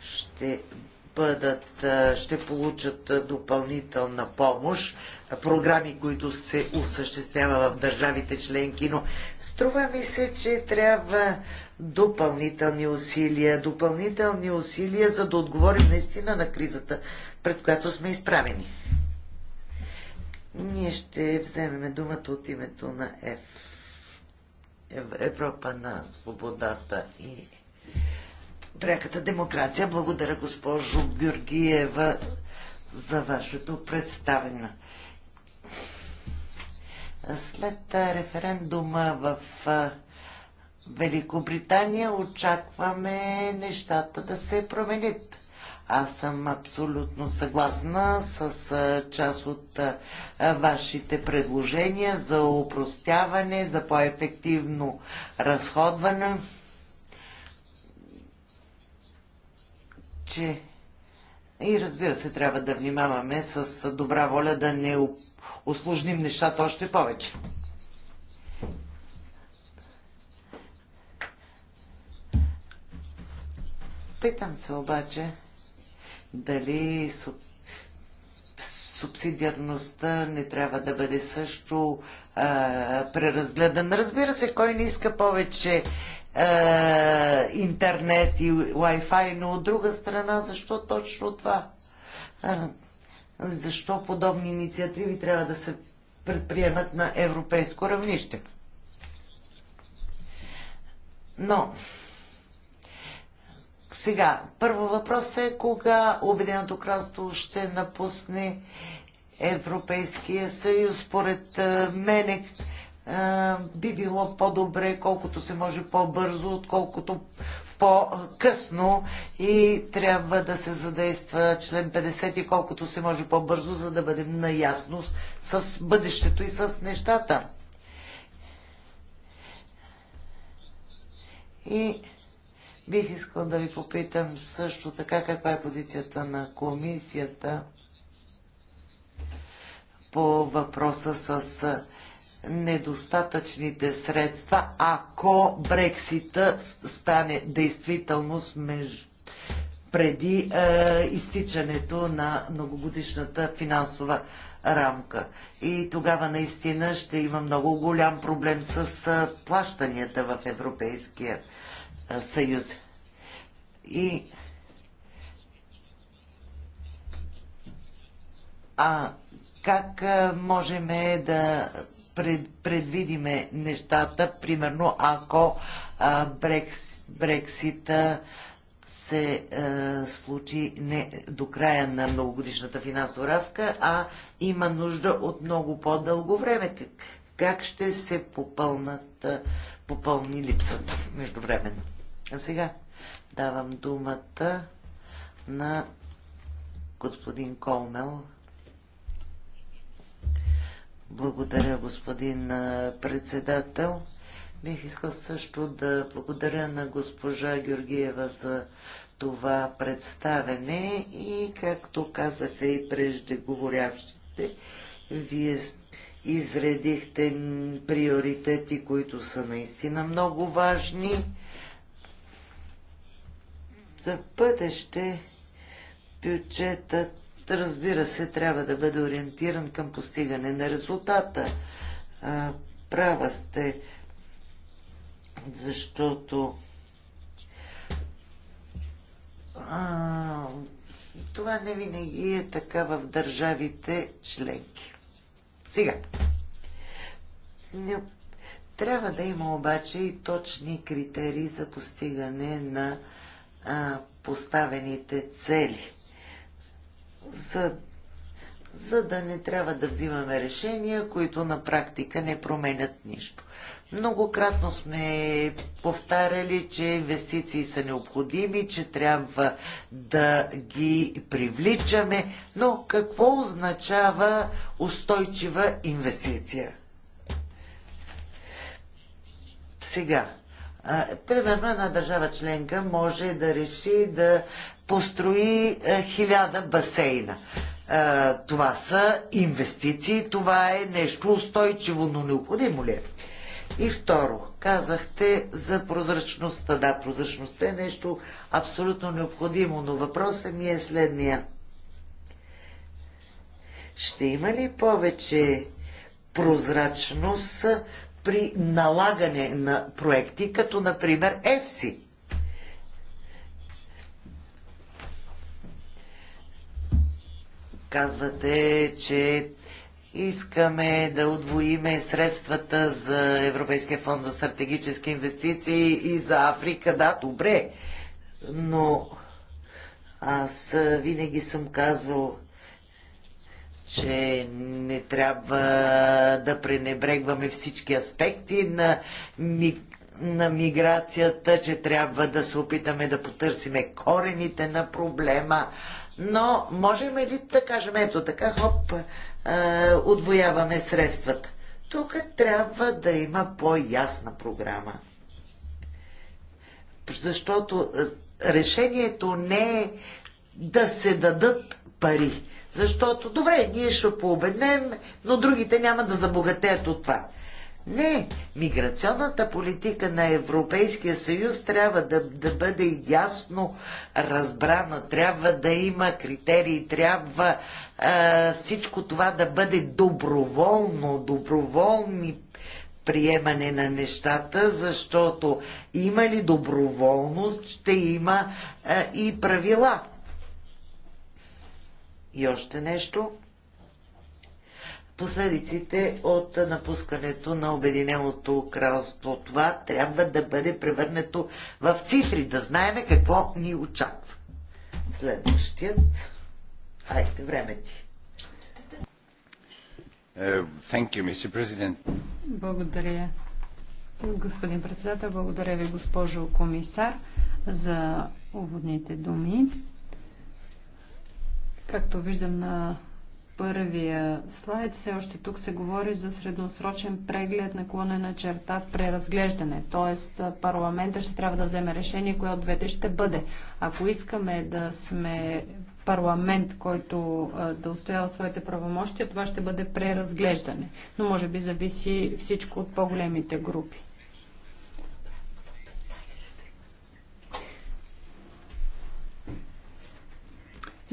ще бъдат, ще получат допълнителна помощ, програми, които се осъществява в държавите членки, но струва ми се, че трябва допълнителни усилия, допълнителни усилия, за да отговорим наистина на кризата, пред която сме изправени. Ние ще вземем думата от името на Ев... Европа на свободата и пряката демокрация. Благодаря, госпожо Георгиева, за вашето представене. След референдума в Великобритания очакваме нещата да се променят. Аз съм абсолютно съгласна с част от вашите предложения за упростяване, за по-ефективно разходване, че и разбира се, трябва да внимаваме с добра воля да не осложним нещата още повече. Питам се обаче, дали субсидиарността не трябва да бъде също а, преразгледана. Разбира се, кой не иска повече а, интернет и Wi-Fi, но от друга страна, защо точно това? А, защо подобни инициативи трябва да се предприемат на европейско равнище? Но сега, първо въпрос е кога Обединеното кралство ще напусне Европейския съюз. Според е, мене е, би било по-добре, колкото се може по-бързо, отколкото по-късно и трябва да се задейства член 50 и колкото се може по-бързо, за да бъдем наясно с бъдещето и с нещата. И Бих искал да ви попитам също така каква е позицията на комисията по въпроса с недостатъчните средства, ако Брексита стане действителност между преди е, изтичането на многогодишната финансова рамка. И тогава наистина ще има много голям проблем с е, плащанията в Европейския съюз. И а как можем да пред, предвидиме нещата, примерно ако а, Брекс, Брексита се случи не до края на многогодишната финансова рамка, а има нужда от много по-дълго време как ще се попълнат, попълни липсата междувременно. А сега давам думата на господин Колмел. Благодаря, господин председател. Бих искал също да благодаря на госпожа Георгиева за това представене и, както казаха и преждеговорящите, вие сте изредихте приоритети, които са наистина много важни. За бъдеще бюджетът, разбира се, трябва да бъде ориентиран към постигане на резултата. А, права сте, защото а, това не винаги е така в държавите членки. Сега. Трябва да има обаче и точни критерии за постигане на а, поставените цели. За, за да не трябва да взимаме решения, които на практика не променят нищо. Многократно сме повтаряли, че инвестиции са необходими, че трябва да ги привличаме, но какво означава устойчива инвестиция? Сега, примерно една държава членка може да реши да построи хиляда басейна. Това са инвестиции, това е нещо устойчиво, но необходимо ли е? И второ, казахте за прозрачността. Да, прозрачността е нещо абсолютно необходимо, но въпросът ми е следния. Ще има ли повече прозрачност при налагане на проекти, като например EFSI? Казвате, че Искаме да удвоиме средствата за Европейския фонд за стратегически инвестиции и за Африка. Да, добре. Но аз винаги съм казвал, че не трябва да пренебрегваме всички аспекти на, ми, на миграцията, че трябва да се опитаме да потърсиме корените на проблема. Но можем ли да кажем, ето така, хоп, а, е, отвояваме средствата. Тук трябва да има по-ясна програма. Защото е, решението не е да се дадат пари. Защото, добре, ние ще пообеднем, но другите няма да забогатеят от това. Не, миграционната политика на Европейския съюз трябва да, да бъде ясно разбрана, трябва да има критерии, трябва всичко това да бъде доброволно, доброволни приемане на нещата, защото има ли доброволност, ще има а, и правила. И още нещо. Последиците от напускането на Обединеното кралство. Това трябва да бъде превърнато в цифри, да знаеме какво ни очаква. Следващият. Айде, време ти. Е, you, благодаря, господин председател. Благодаря ви, госпожо комисар, за уводните думи. Както виждам на първия слайд. Все още тук се говори за средносрочен преглед на на черта преразглеждане. Тоест парламента ще трябва да вземе решение, кое от двете ще бъде. Ако искаме да сме парламент, който да устоява своите правомощия, това ще бъде преразглеждане. Но може би зависи всичко от по-големите групи.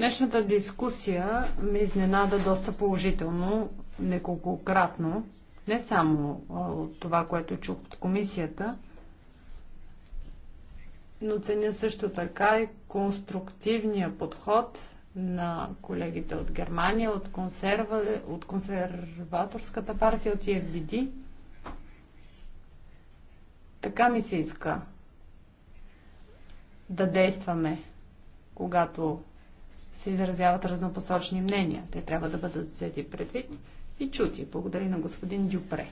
Днешната дискусия ме изненада доста положително, неколкократно. Не само от това, което чух от комисията, но ценя също така и конструктивния подход на колегите от Германия, от, консерва, от консерваторската партия, от EFDD. Е така ми се иска да действаме, когато се изразяват разнопосочни мнения. Те трябва да бъдат взети предвид и чути. Благодаря на господин Дюпре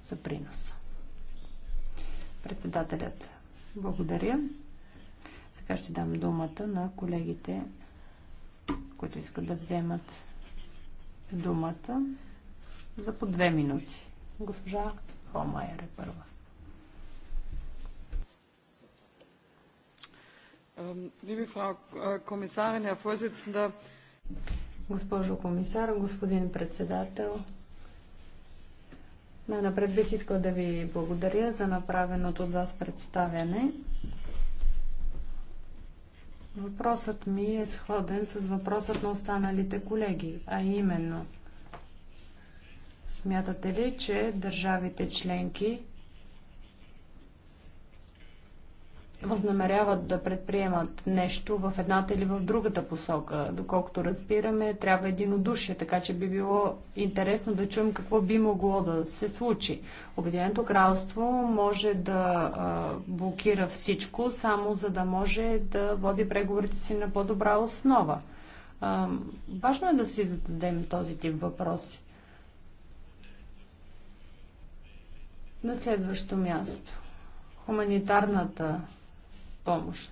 за приноса. Председателят, благодаря. Сега ще дам думата на колегите, които искат да вземат думата за по две минути. Госпожа Хомайер е първа. Liebe Frau Kommissarin, Herr Vorsitzender. Госпожо комисар, господин председател, най-напред бих искал да ви благодаря за направеното от вас представяне. Въпросът ми е сходен с въпросът на останалите колеги, а именно – Смятате ли, че държавите членки възнамеряват да предприемат нещо в едната или в другата посока. Доколкото разбираме, трябва единодушие, така че би било интересно да чуем какво би могло да се случи. Обединеното кралство може да блокира всичко, само за да може да води преговорите си на по-добра основа. важно е да си зададем този тип въпроси. На следващо място. Хуманитарната помощ.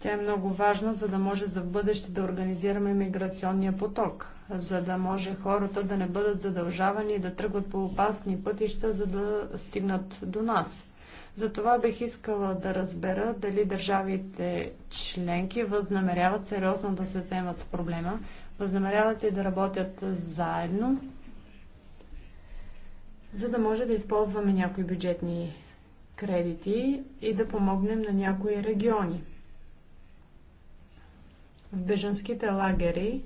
Тя е много важна, за да може за в бъдеще да организираме миграционния поток, за да може хората да не бъдат задължавани и да тръгват по опасни пътища, за да стигнат до нас. Затова бих искала да разбера дали държавите членки възнамеряват сериозно да се вземат с проблема, възнамеряват и да работят заедно за да може да използваме някои бюджетни кредити и да помогнем на някои региони. В беженските лагери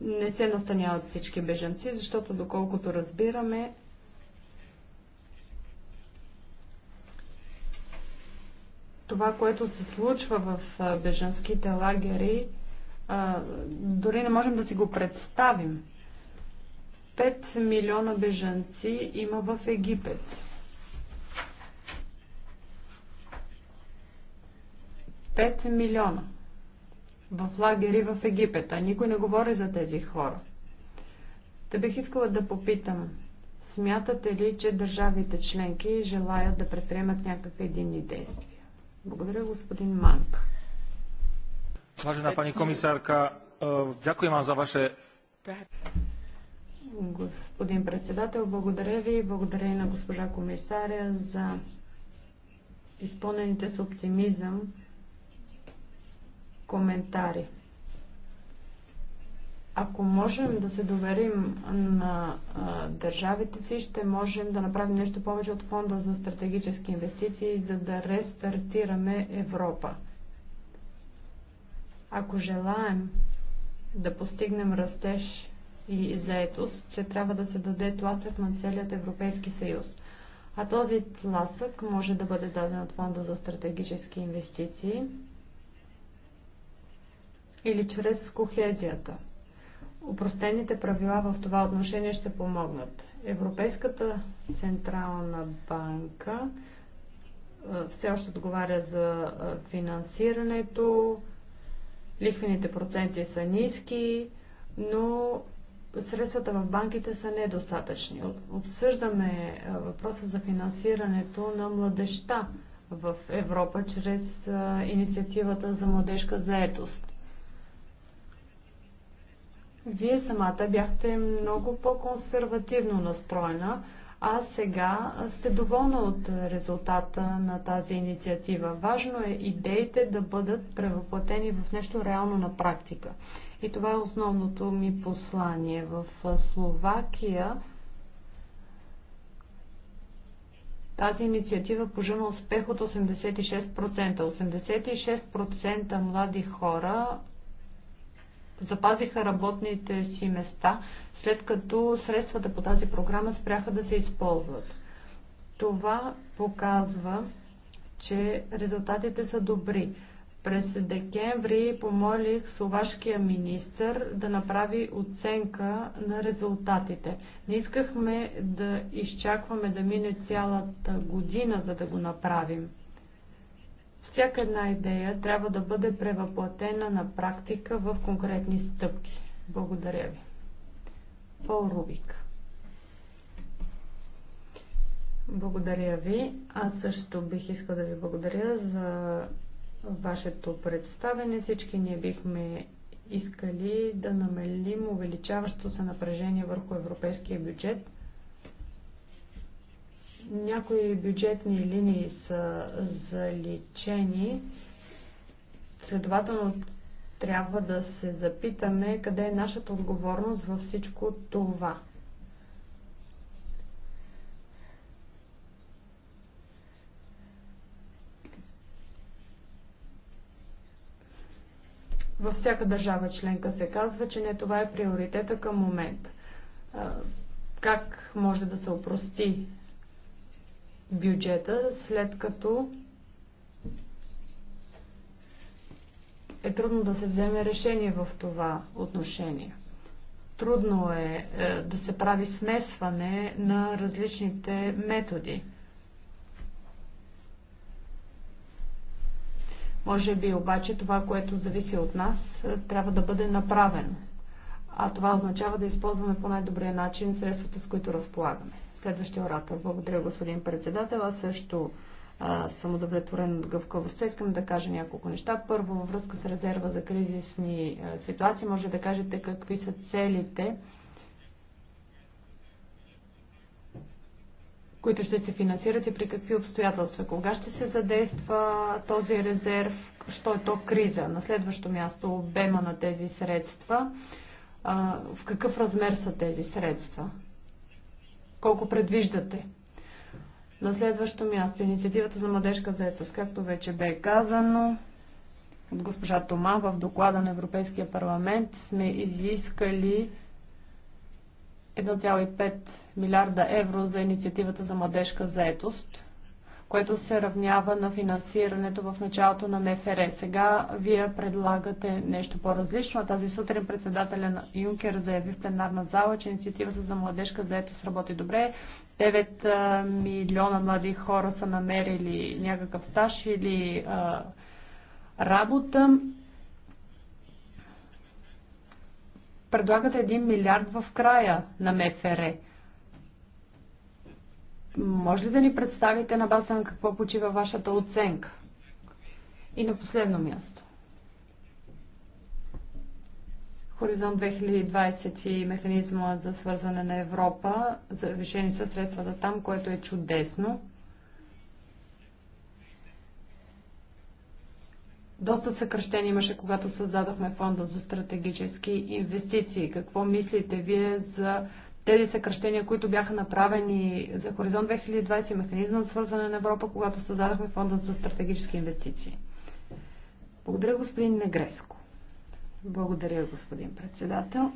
не се настаняват всички беженци, защото доколкото разбираме, това, което се случва в беженските лагери, дори не можем да си го представим. 5 милиона бежанци има в Египет. 5 милиона в лагери в Египет, а никой не говори за тези хора. Те бих искала да попитам, смятате ли, че държавите членки желаят да предприемат някакви единни действия? Благодаря, господин Манк. Vážená pani komisárka, e, ďakujem vám za vaše... Господин председател, благодаря ви. Благодаря и на госпожа комисаря за изпълнените с оптимизъм коментари. Ако можем да се доверим на а, държавите си, ще можем да направим нещо повече от фонда за стратегически инвестиции, за да рестартираме Европа. Ако желаем да постигнем растеж и заетост, ще трябва да се даде тласък на целият Европейски съюз. А този тласък може да бъде даден от Фонда за стратегически инвестиции или чрез кохезията. Упростените правила в това отношение ще помогнат. Европейската централна банка все още отговаря за финансирането, Лихвените проценти са ниски, но средствата в банките са недостатъчни. Обсъждаме е, въпроса за финансирането на младеща в Европа чрез е, инициативата за младежка заетост. Вие самата бяхте много по-консервативно настроена, а сега сте доволна от резултата на тази инициатива. Важно е идеите да бъдат превъплатени в нещо реално на практика. И това е основното ми послание. В Словакия тази инициатива пожена успех от 86%. 86% млади хора запазиха работните си места, след като средствата по тази програма спряха да се използват. Това показва, че резултатите са добри. През декември помолих словашкия министр да направи оценка на резултатите. Не искахме да изчакваме да мине цялата година, за да го направим. Всяка една идея трябва да бъде превъплатена на практика в конкретни стъпки. Благодаря ви. Пол Рубик. Благодаря ви. Аз също бих искал да ви благодаря за вашето представене. Всички ние бихме искали да намалим увеличаващо се напрежение върху европейския бюджет – някои бюджетни линии са заличени. Следователно трябва да се запитаме къде е нашата отговорност във всичко това. Във всяка държава членка се казва, че не това е приоритета към момента. Как може да се опрости бюджета, след като е трудно да се вземе решение в това отношение. Трудно е, е да се прави смесване на различните методи. Може би обаче това, което зависи от нас, е, трябва да бъде направено а това означава да използваме по най-добрия начин средствата, с които разполагаме. Следващия оратор. Благодаря, господин председател. Аз също а, съм удовлетворен от гъвкавостта. Искам да кажа няколко неща. Първо, във връзка с резерва за кризисни а, ситуации, може да кажете какви са целите, които ще се финансират и при какви обстоятелства. Кога ще се задейства този резерв? Що е то криза? На следващо място, обема на тези средства а, в какъв размер са тези средства? Колко предвиждате? На следващо място, инициативата за младежка заетост, както вече бе казано от госпожа Тома в доклада на Европейския парламент, сме изискали 1,5 милиарда евро за инициативата за младежка заетост – което се равнява на финансирането в началото на МФР. Сега вие предлагате нещо по-различно. Тази сутрин председателя на Юнкер заяви в пленарна зала, че инициативата за младежка заетост работи добре. 9 милиона млади хора са намерили някакъв стаж или а, работа. Предлагате 1 милиард в края на МФР. Може ли да ни представите на базата на какво почива вашата оценка? И на последно място. Хоризонт 2020 и механизма за свързане на Европа, завишени са средствата там, което е чудесно. Доста съкръщение имаше, когато създадохме фонда за стратегически инвестиции. Какво мислите вие за тези съкръщения, които бяха направени за Хоризонт 2020 и механизма за свързване на Европа, когато създадахме Фонда за стратегически инвестиции. Благодаря, господин Негреско. Благодаря, господин председател.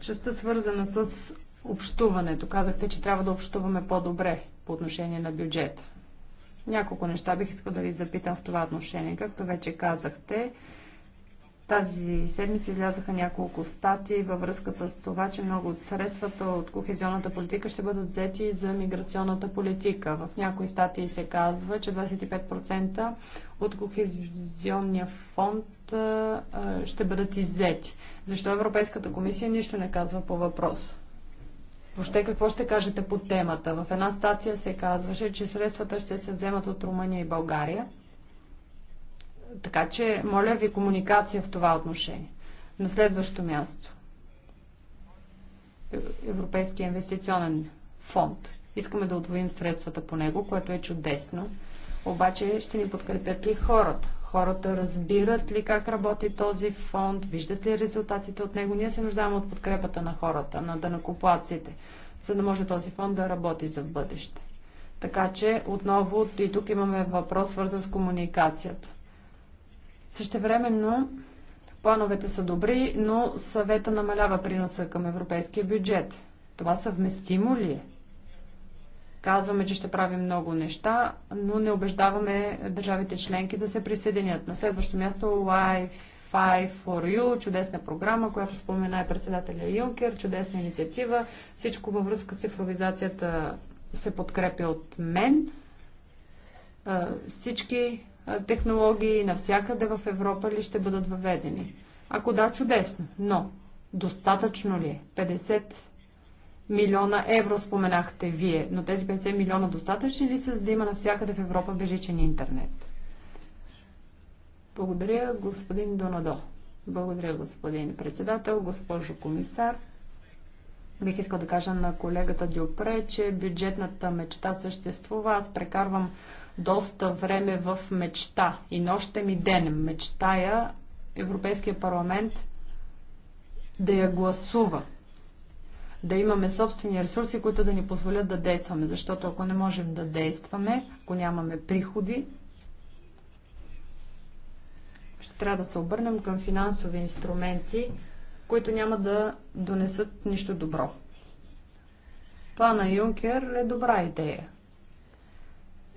Частта свързана с общуването. Казахте, че трябва да общуваме по-добре по отношение на бюджета. Няколко неща бих искал да ви запитам в това отношение. Както вече казахте, тази седмица излязаха няколко стати във връзка с това, че много от средствата от кохезионната политика ще бъдат взети за миграционната политика. В някои статии се казва, че 25% от кохезионния фонд ще бъдат иззети. Защо Европейската комисия нищо не казва по въпрос? Въобще какво ще кажете по темата? В една статия се казваше, че средствата ще се вземат от Румъния и България – така че, моля ви, комуникация в това отношение. На следващо място. Европейския инвестиционен фонд. Искаме да отвоим средствата по него, което е чудесно. Обаче ще ни подкрепят ли хората? Хората разбират ли как работи този фонд? Виждат ли резултатите от него? Ние се нуждаем от подкрепата на хората, на дънакоплаците, за да може този фонд да работи за бъдеще. Така че отново и тук имаме въпрос, свързан с комуникацията. Същевременно плановете са добри, но съвета намалява приноса към европейския бюджет. Това съвместимо ли е? Казваме, че ще правим много неща, но не убеждаваме държавите членки да се присъединят. На следващо място Life Five for You, чудесна програма, която спомена и председателя Юнкер, чудесна инициатива. Всичко във връзка с цифровизацията се подкрепя от мен. Всички технологии навсякъде в Европа ли ще бъдат въведени? Ако да, чудесно, но достатъчно ли е? 50 милиона евро споменахте вие, но тези 50 милиона достатъчни ли са, за да има навсякъде в Европа бежичен интернет? Благодаря, господин Донадо. Благодаря, господин председател, госпожо комисар. Бих искал да кажа на колегата Дюпре, че бюджетната мечта съществува. Аз прекарвам доста време в мечта и нощем и денем. Мечтая Европейския парламент да я гласува. Да имаме собствени ресурси, които да ни позволят да действаме. Защото ако не можем да действаме, ако нямаме приходи, ще трябва да се обърнем към финансови инструменти, които няма да донесат нищо добро. Плана Юнкер е добра идея,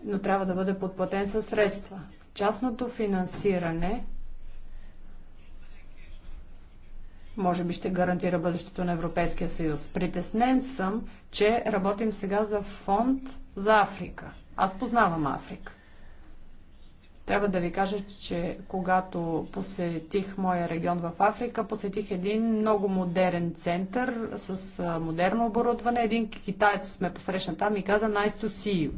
но трябва да бъде подплатен със средства. Частното финансиране може би ще гарантира бъдещето на Европейския съюз. Притеснен съм, че работим сега за фонд за Африка. Аз познавам Африка. Трябва да ви кажа, че когато посетих моя регион в Африка, посетих един много модерен център с модерно оборудване. Един китаец сме посрещна там и каза Nice to see you.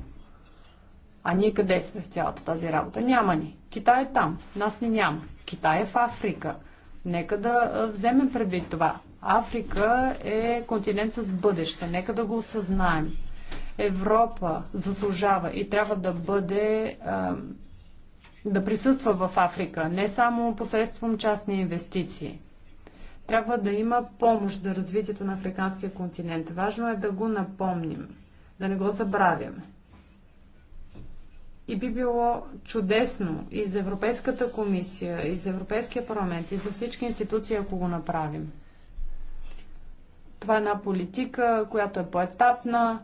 А ние къде сме в цялата тази работа? Няма ни. Китай е там. Нас ни няма. Китай е в Африка. Нека да вземем предвид това. Африка е континент с бъдеще. Нека да го осъзнаем. Европа заслужава и трябва да бъде да присъства в Африка, не само посредством частни инвестиции. Трябва да има помощ за развитието на африканския континент. Важно е да го напомним, да не го забравяме. И би било чудесно и за Европейската комисия, и за Европейския парламент, и за всички институции, ако го направим. Това е една политика, която е поетапна,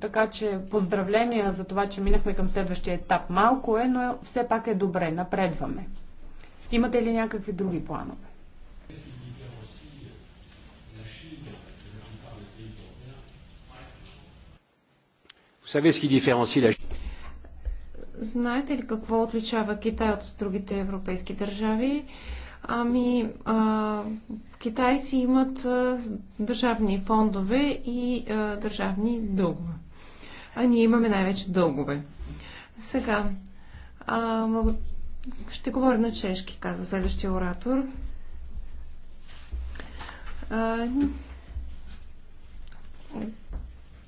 така че поздравления за това, че минахме към следващия етап. Малко е, но все пак е добре. Напредваме. Имате ли някакви други планове? Знаете ли какво отличава Китай от другите европейски държави? Ами, а, Китай си имат а, държавни фондове и а, държавни дългове. А ние имаме най-вече дългове. Сега, а, ще говоря на чешки, каза следващия оратор. А,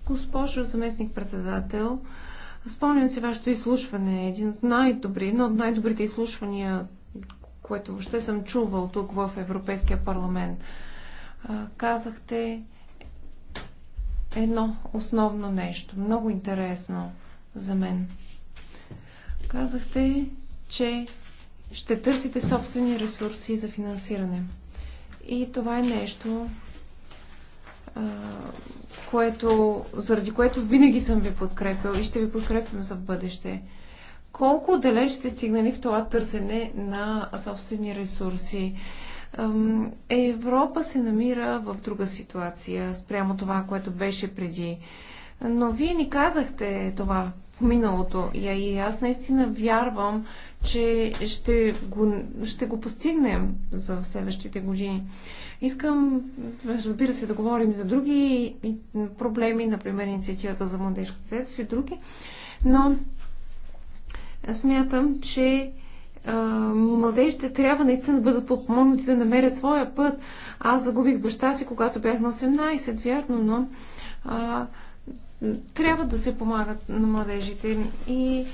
госпожо заместник-председател, спомням си вашето изслушване. Един от най-добри, едно от най-добрите изслушвания което въобще съм чувал тук в Европейския парламент. Казахте едно основно нещо, много интересно за мен. Казахте, че ще търсите собствени ресурси за финансиране. И това е нещо, което, заради което винаги съм ви подкрепил и ще ви подкрепям за бъдеще колко далеч сте стигнали в това търсене на собствени ресурси? Европа се намира в друга ситуация спрямо това, което беше преди. Но вие ни казахте това в миналото и аз наистина вярвам, че ще го, ще го постигнем за следващите години. Искам, разбира се, да говорим за други проблеми, например инициативата за младежка заедост и други, но смятам, че а, младежите трябва наистина да бъдат подпомогнати да намерят своя път. Аз загубих баща си, когато бях на 18, вярно, но а, трябва да се помагат на младежите. И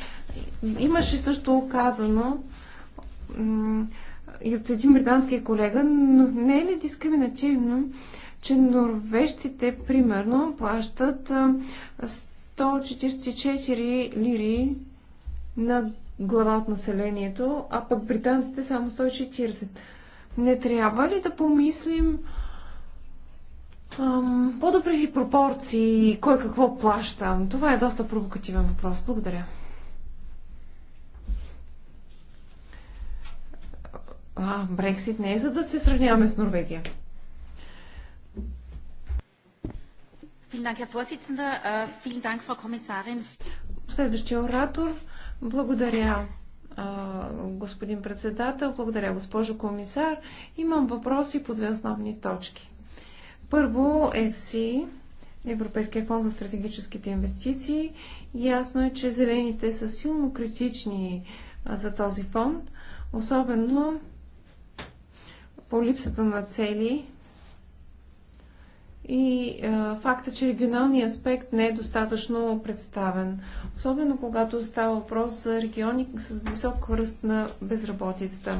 имаше също казано и от един британски колега, но не е ли дискриминативно, че норвежците, примерно, плащат 144 лири на глава от населението, а пък британците само 140. Не трябва ли да помислим по-добри пропорции, кой какво плаща? Това е доста провокативен въпрос. Благодаря. А, Брексит не е за да се сравняваме с Норвегия. Äh, Следващия оратор. Благодаря, господин председател. Благодаря, госпожо комисар. Имам въпроси по две основни точки. Първо, ЕФСИ, Европейския фонд за стратегическите инвестиции. Ясно е, че зелените са силно критични за този фонд, особено по липсата на цели и а, е, факта, че регионалният аспект не е достатъчно представен. Особено когато става въпрос за региони с висок ръст на безработицата.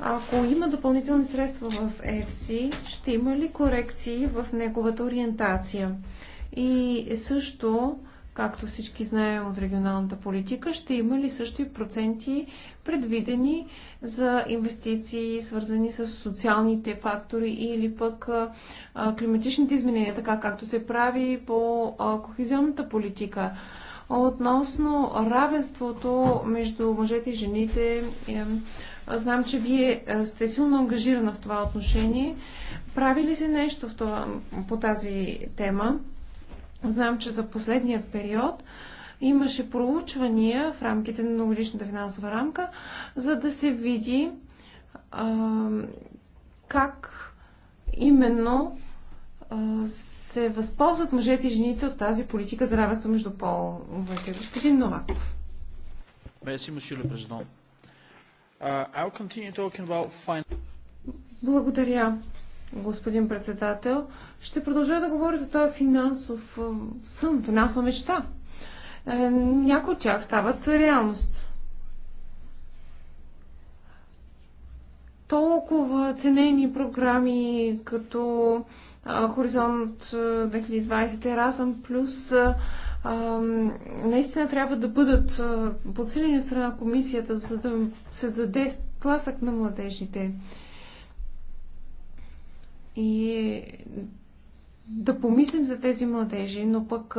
Ако има допълнителни средства в ЕФСИ, ще има ли корекции в неговата ориентация? И също както всички знаем от регионалната политика, ще има ли също и проценти предвидени за инвестиции, свързани с социалните фактори или пък климатичните изменения, така както се прави по кохезионната политика? Относно равенството между мъжете и жените, знам, че вие е, сте силно ангажирана в това отношение. Прави ли се нещо в това, по тази тема? Знам, че за последния период имаше проучвания в рамките на новоличната финансова рамка, за да се види а, как именно а, се възползват мъжете и жените от тази политика за равенство между половете. Господин Новаков. Мерси, мусиле президент. Благодаря господин председател. Ще продължа да говоря за този финансов е, сън, финансова мечта. Е, някои от тях стават реалност. Толкова ценени програми като Хоризонт 2020, е, Еразъм Плюс, наистина трябва да бъдат подсилени от страна комисията, за да се даде тласък на младежите и да помислим за тези младежи, но пък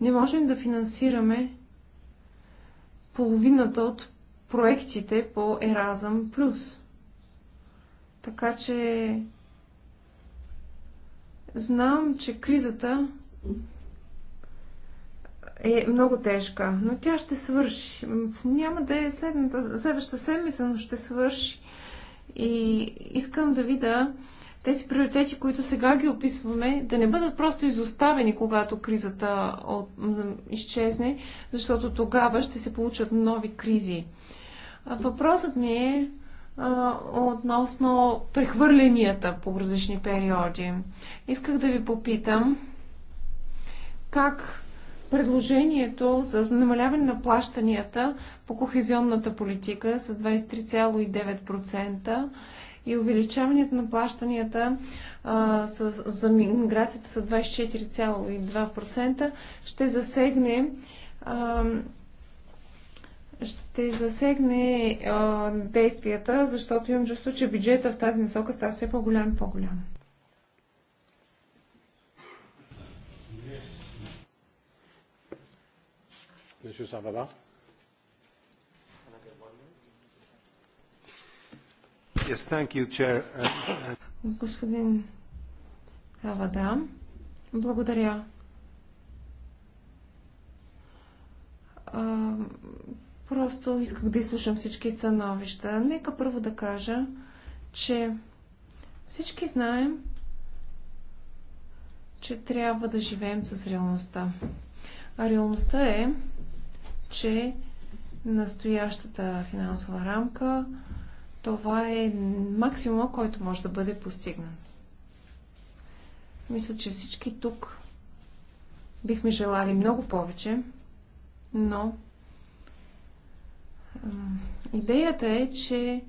не можем да финансираме половината от проектите по Еразъм Плюс. Така че знам, че кризата е много тежка, но тя ще свърши. Няма да е следната, следващата седмица, но ще свърши. И искам да видя да тези приоритети, които сега ги описваме, да не бъдат просто изоставени, когато кризата от... изчезне, защото тогава ще се получат нови кризи. Въпросът ми е а, относно прехвърленията по различни периоди. Исках да ви попитам как предложението за намаляване на плащанията по кохезионната политика с 23,9% и увеличаването на плащанията а, с, за миграцията с 24,2% ще засегне а, ще засегне а, действията, защото имам чувство, че бюджета в тази насока става все по-голям и по-голям. Monsieur Savava. Yes, thank you, chair. Господин Хавада, благодаря. А, просто исках да изслушам всички становища. Нека първо да кажа, че всички знаем, че трябва да живеем с реалността. А реалността е, че настоящата финансова рамка това е максимума, който може да бъде постигнат. Мисля, че всички тук бихме желали много повече, но идеята е, че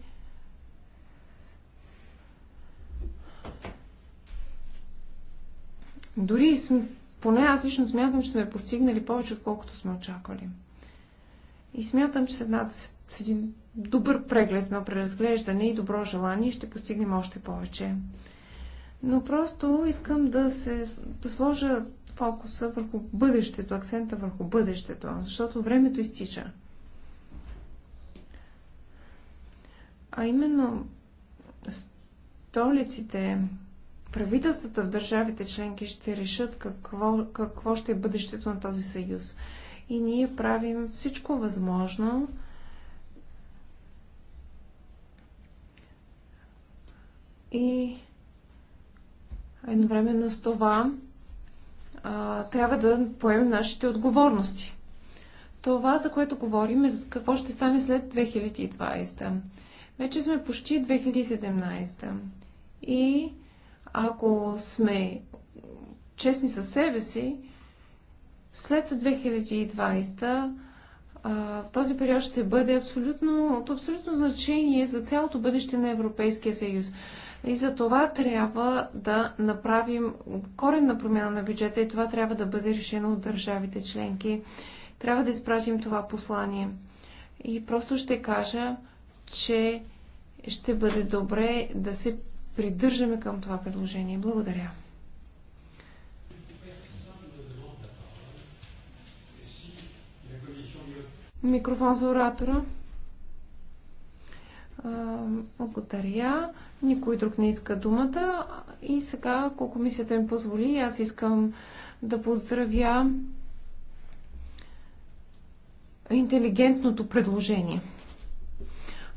дори сме, поне аз лично смятам, че сме постигнали повече, отколкото сме очаквали. И смятам, че с една с един добър преглед на преразглеждане и добро желание ще постигнем още повече. Но просто искам да, се, да сложа фокуса върху бъдещето, акцента върху бъдещето, защото времето изтича. А именно столиците, правителствата в държавите членки ще решат какво, какво ще е бъдещето на този съюз. И ние правим всичко възможно, и едновременно с това а, трябва да поемем нашите отговорности. Това, за което говорим, е какво ще стане след 2020. Вече сме почти 2017. И ако сме честни със себе си, след 2020 а, този период ще бъде абсолютно, от абсолютно значение за цялото бъдеще на Европейския съюз. И за това трябва да направим корен на промяна на бюджета и това трябва да бъде решено от държавите членки. Трябва да изпратим това послание. И просто ще кажа, че ще бъде добре да се придържаме към това предложение. Благодаря. Микрофон за оратора. Благодаря. Никой друг не иска думата. И сега, ако комисията ми позволи, аз искам да поздравя интелигентното предложение.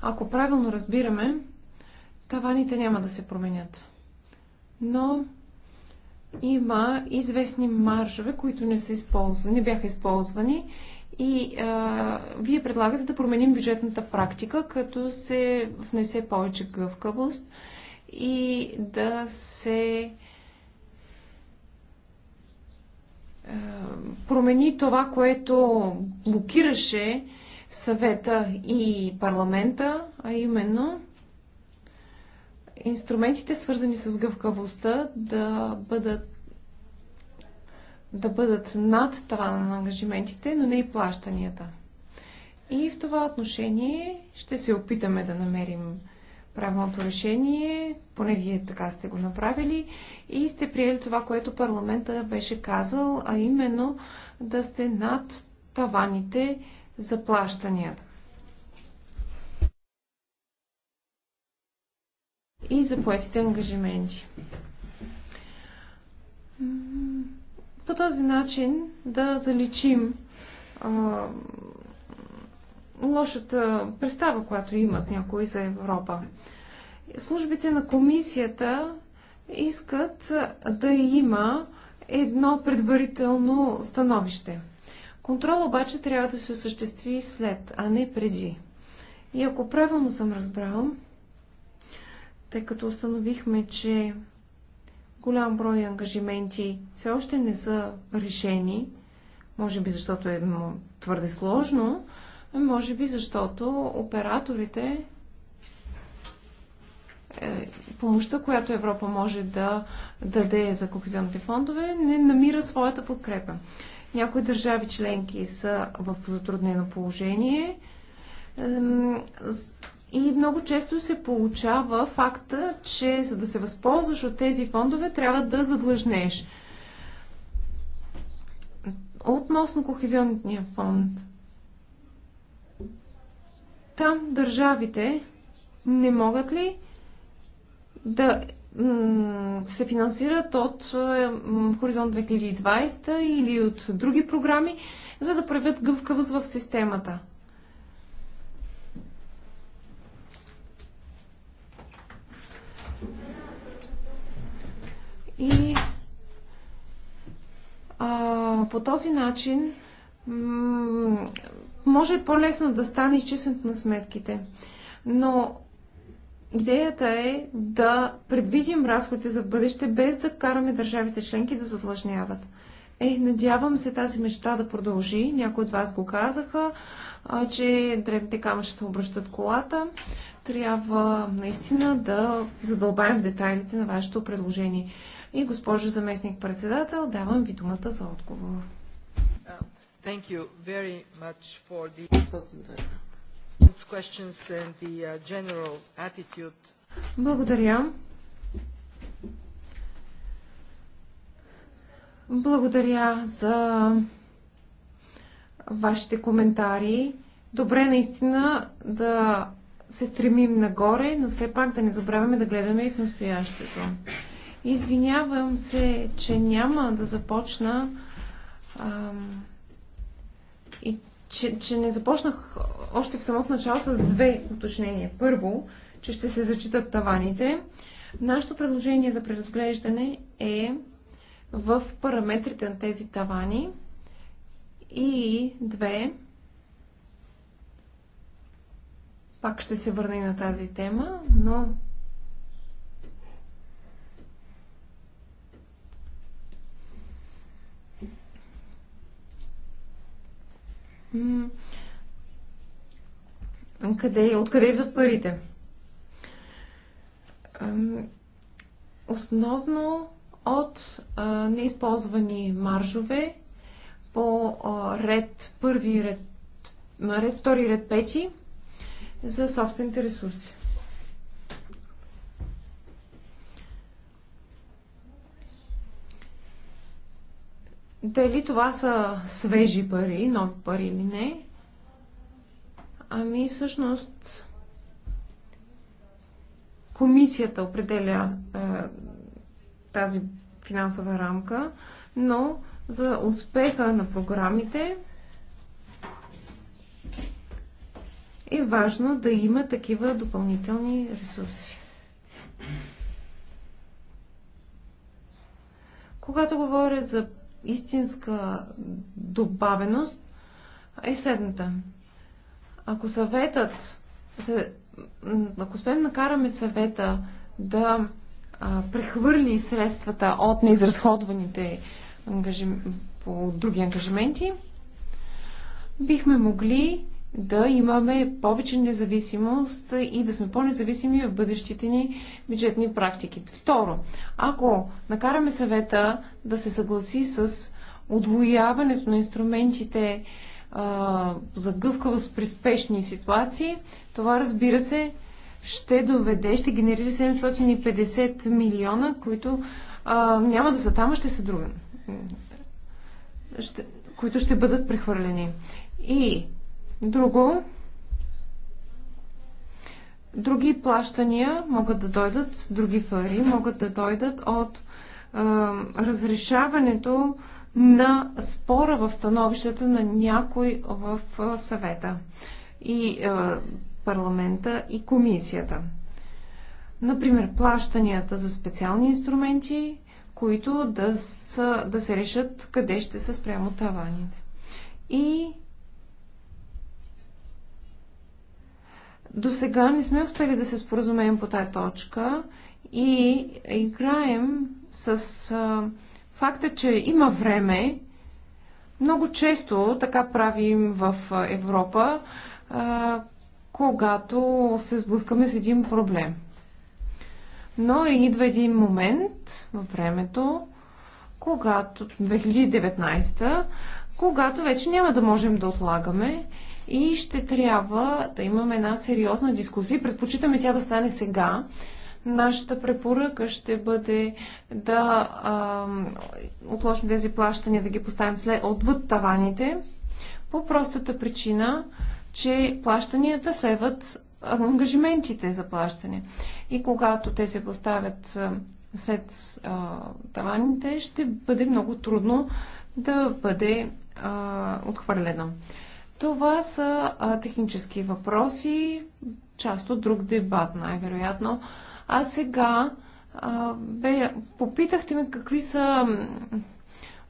Ако правилно разбираме, таваните няма да се променят. Но има известни маржове, които не, са използвани, не бяха използвани и а, вие предлагате да променим бюджетната практика, като се внесе повече гъвкавост и да се а, промени това, което блокираше съвета и парламента, а именно инструментите, свързани с гъвкавостта, да бъдат да бъдат над тавана на ангажиментите, но не и плащанията. И в това отношение ще се опитаме да намерим правилното решение, поне вие така сте го направили и сте приели това, което парламента беше казал, а именно да сте над таваните за плащанията. И за поетите ангажименти по този начин да заличим а, лошата представа, която имат някои за Европа. Службите на комисията искат да има едно предварително становище. Контрол обаче трябва да се осъществи след, а не преди. И ако правилно съм разбрал, тъй като установихме, че Голям брой ангажименти все още не са решени, може би защото е твърде сложно, може би защото операторите е, помощта, която Европа може да даде за кохезионните фондове, не намира своята подкрепа. Някои държави членки са в затруднено положение. И много често се получава факта, че за да се възползваш от тези фондове, трябва да задлъжнеш. Относно Кохезионния фонд. Там държавите не могат ли да се финансират от Хоризонт 2020 или от други програми, за да правят гъвкавост в системата. И а, по този начин може по-лесно да стане изчистването на сметките. Но идеята е да предвидим разходите за бъдеще, без да караме държавите членки да задлъжняват. Е, надявам се тази мечта да продължи. Някои от вас го казаха, казаха, че дребните камъчета обръщат колата. Трябва наистина да задълбаем в детайлите на вашето предложение. И госпожо заместник председател, давам ви думата за отговор. Thank you very much for the questions and the uh, general attitude. Благодаря. Благодаря за вашите коментари. Добре е наистина да се стремим нагоре, но все пак да не забравяме да гледаме и в настоящето. Извинявам се, че няма да започна ам, и че, че не започнах още в самото начало с две уточнения. Първо, че ще се зачитат таваните. Нашето предложение за преразглеждане е в параметрите на тези тавани и две. Пак ще се върна и на тази тема, но Къде, откъде идват парите? Основно от а, неизползвани маржове по а, ред първи, ред, ред втори, ред пети за собствените ресурси. дали това са свежи пари, нови пари или не, ами всъщност комисията определя е, тази финансова рамка, но за успеха на програмите е важно да има такива допълнителни ресурси. Когато говоря за истинска добавеност е следната. Ако съветът, ако успеем накараме съвета да прехвърли средствата от неизразходваните ангажим... по други ангажименти, бихме могли да имаме повече независимост и да сме по-независими в бъдещите ни бюджетни практики. Второ, ако накараме съвета да се съгласи с отвояването на инструментите а, за гъвкавост при спешни ситуации, това разбира се ще доведе, ще генерира 750 милиона, които а, няма да са там, а ще са други. Ще, които ще бъдат прехвърлени. И Друго. Други плащания могат да дойдат, други пари могат да дойдат от е, разрешаването на спора в становищата на някой в съвета и е, парламента и комисията. Например, плащанията за специални инструменти, които да, са, да се решат къде ще са спрямо таваните. И До сега не сме успели да се споразумеем по тая точка и играем с а, факта, че има време. Много често така правим в Европа, а, когато се сблъскаме с един проблем. Но идва един момент във времето, когато 2019, когато вече няма да можем да отлагаме и ще трябва да имаме една сериозна дискусия. Предпочитаме тя да стане сега. Нашата препоръка ще бъде да а, отложим тези плащания, да ги поставим след, отвъд таваните, по простата причина, че плащанията следват ангажиментите за плащане. И когато те се поставят след а, таваните, ще бъде много трудно да бъде а, това са а, технически въпроси, част от друг дебат, най-вероятно. А сега а, бе, попитахте ме какви са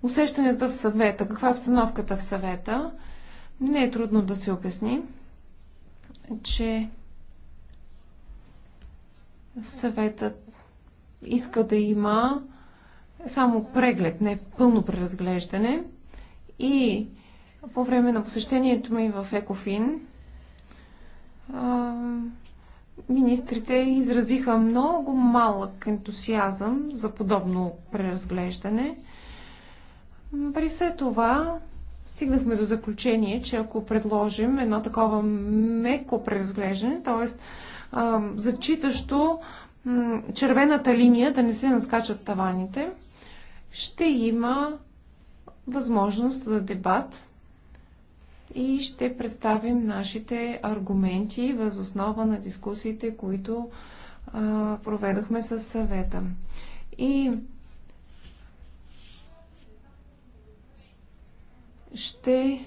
усещанията в съвета, каква е обстановката в съвета. Не е трудно да се обясни, че съветът иска да има само преглед, не пълно преразглеждане и по време на посещението ми в Екофин министрите изразиха много малък ентусиазъм за подобно преразглеждане. При все това стигнахме до заключение, че ако предложим едно такова меко преразглеждане, т.е. зачитащо червената линия да не се наскачат таваните, ще има възможност за дебат и ще представим нашите аргументи въз основа на дискусиите, които проведохме с съвета. И ще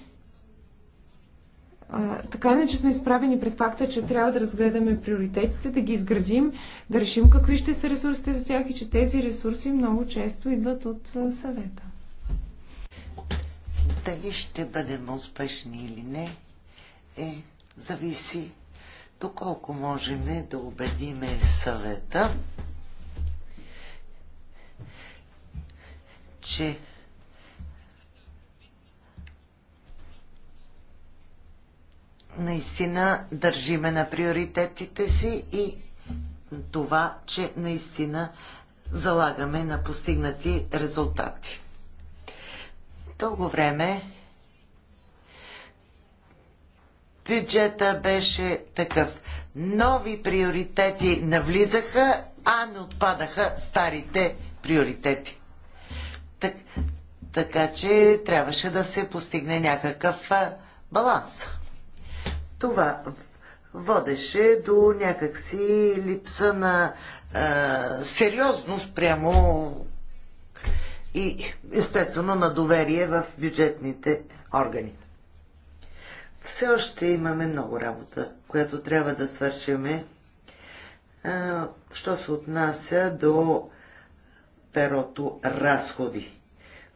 така не, че сме изправени пред факта, че трябва да разгледаме приоритетите, да ги изградим, да решим какви ще са ресурсите за тях и че тези ресурси много често идват от съвета. Дали ще бъдем успешни или не, е, зависи доколко можем да убедиме съвета, че наистина държиме на приоритетите си и това, че наистина залагаме на постигнати резултати. Дълго време бюджета беше такъв. Нови приоритети навлизаха, а не отпадаха старите приоритети. Так, така че трябваше да се постигне някакъв баланс. Това водеше до някакси липса на а, сериозност прямо и естествено на доверие в бюджетните органи. Все още имаме много работа, която трябва да свършиме, що се отнася до перото разходи,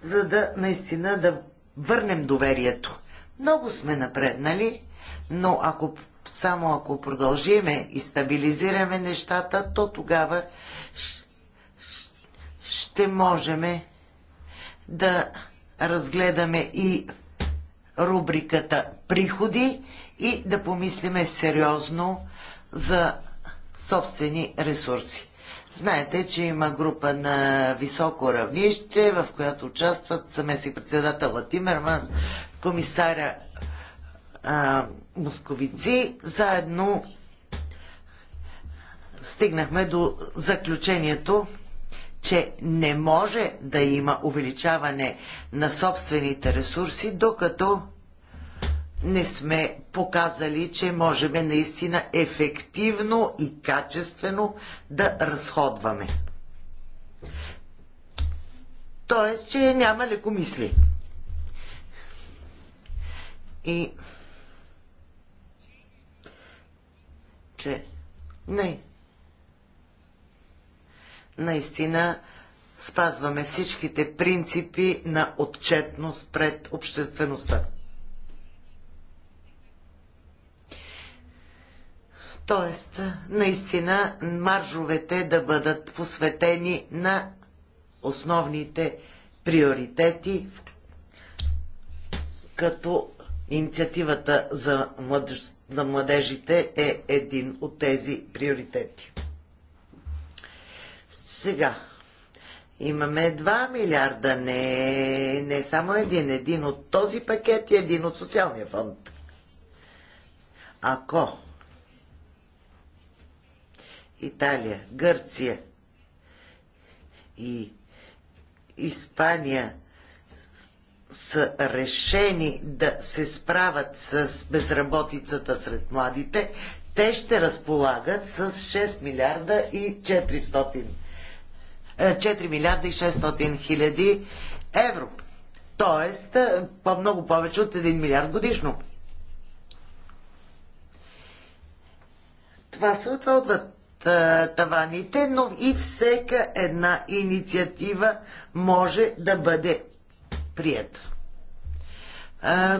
за да наистина да върнем доверието. Много сме напреднали, но ако само ако продължиме и стабилизираме нещата, то тогава ще можем да разгледаме и рубриката приходи и да помислиме сериозно за собствени ресурси. Знаете, че има група на високо равнище, в която участват заместник председател Тимерманс, комисаря а, Московици. Заедно стигнахме до заключението, че не може да има увеличаване на собствените ресурси, докато не сме показали, че можем наистина ефективно и качествено да разходваме. Тоест, че няма лекомисли. И че не, наистина спазваме всичките принципи на отчетност пред обществеността. Тоест, наистина маржовете да бъдат посветени на основните приоритети, като инициативата за, младеж, за младежите е един от тези приоритети. Сега, имаме 2 милиарда, не, не само един. Един от този пакет и един от социалния фонд. Ако Италия, Гърция и Испания са решени да се справят с безработицата сред младите, те ще разполагат с 6 милиарда и 400 4 е, милиарда и 600 хиляди евро. Тоест, е, по много повече от 1 милиард годишно. Това се това е, таваните, но и всека една инициатива може да бъде прията.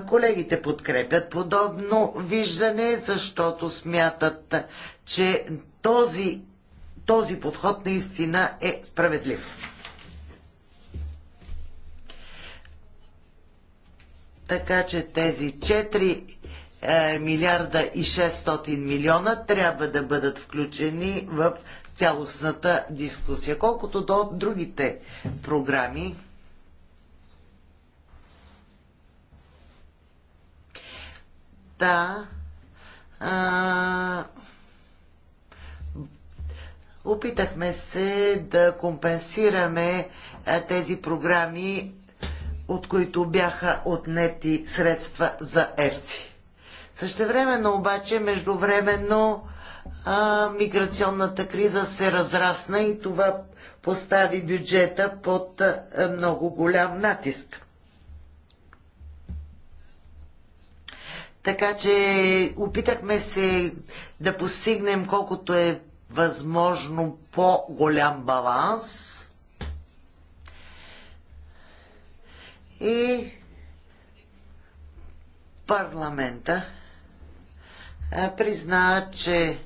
Колегите подкрепят подобно виждане, защото смятат, че този този подход наистина е справедлив. Така че тези 4 е, милиарда и 600 милиона трябва да бъдат включени в цялостната дискусия. Колкото до другите програми, да, а, Опитахме се да компенсираме тези програми, от които бяха отнети средства за ЕФСИ. Същевременно обаче, междувременно, а, миграционната криза се разрасна и това постави бюджета под а, много голям натиск. Така че опитахме се да постигнем колкото е възможно по-голям баланс и парламента е, призна, че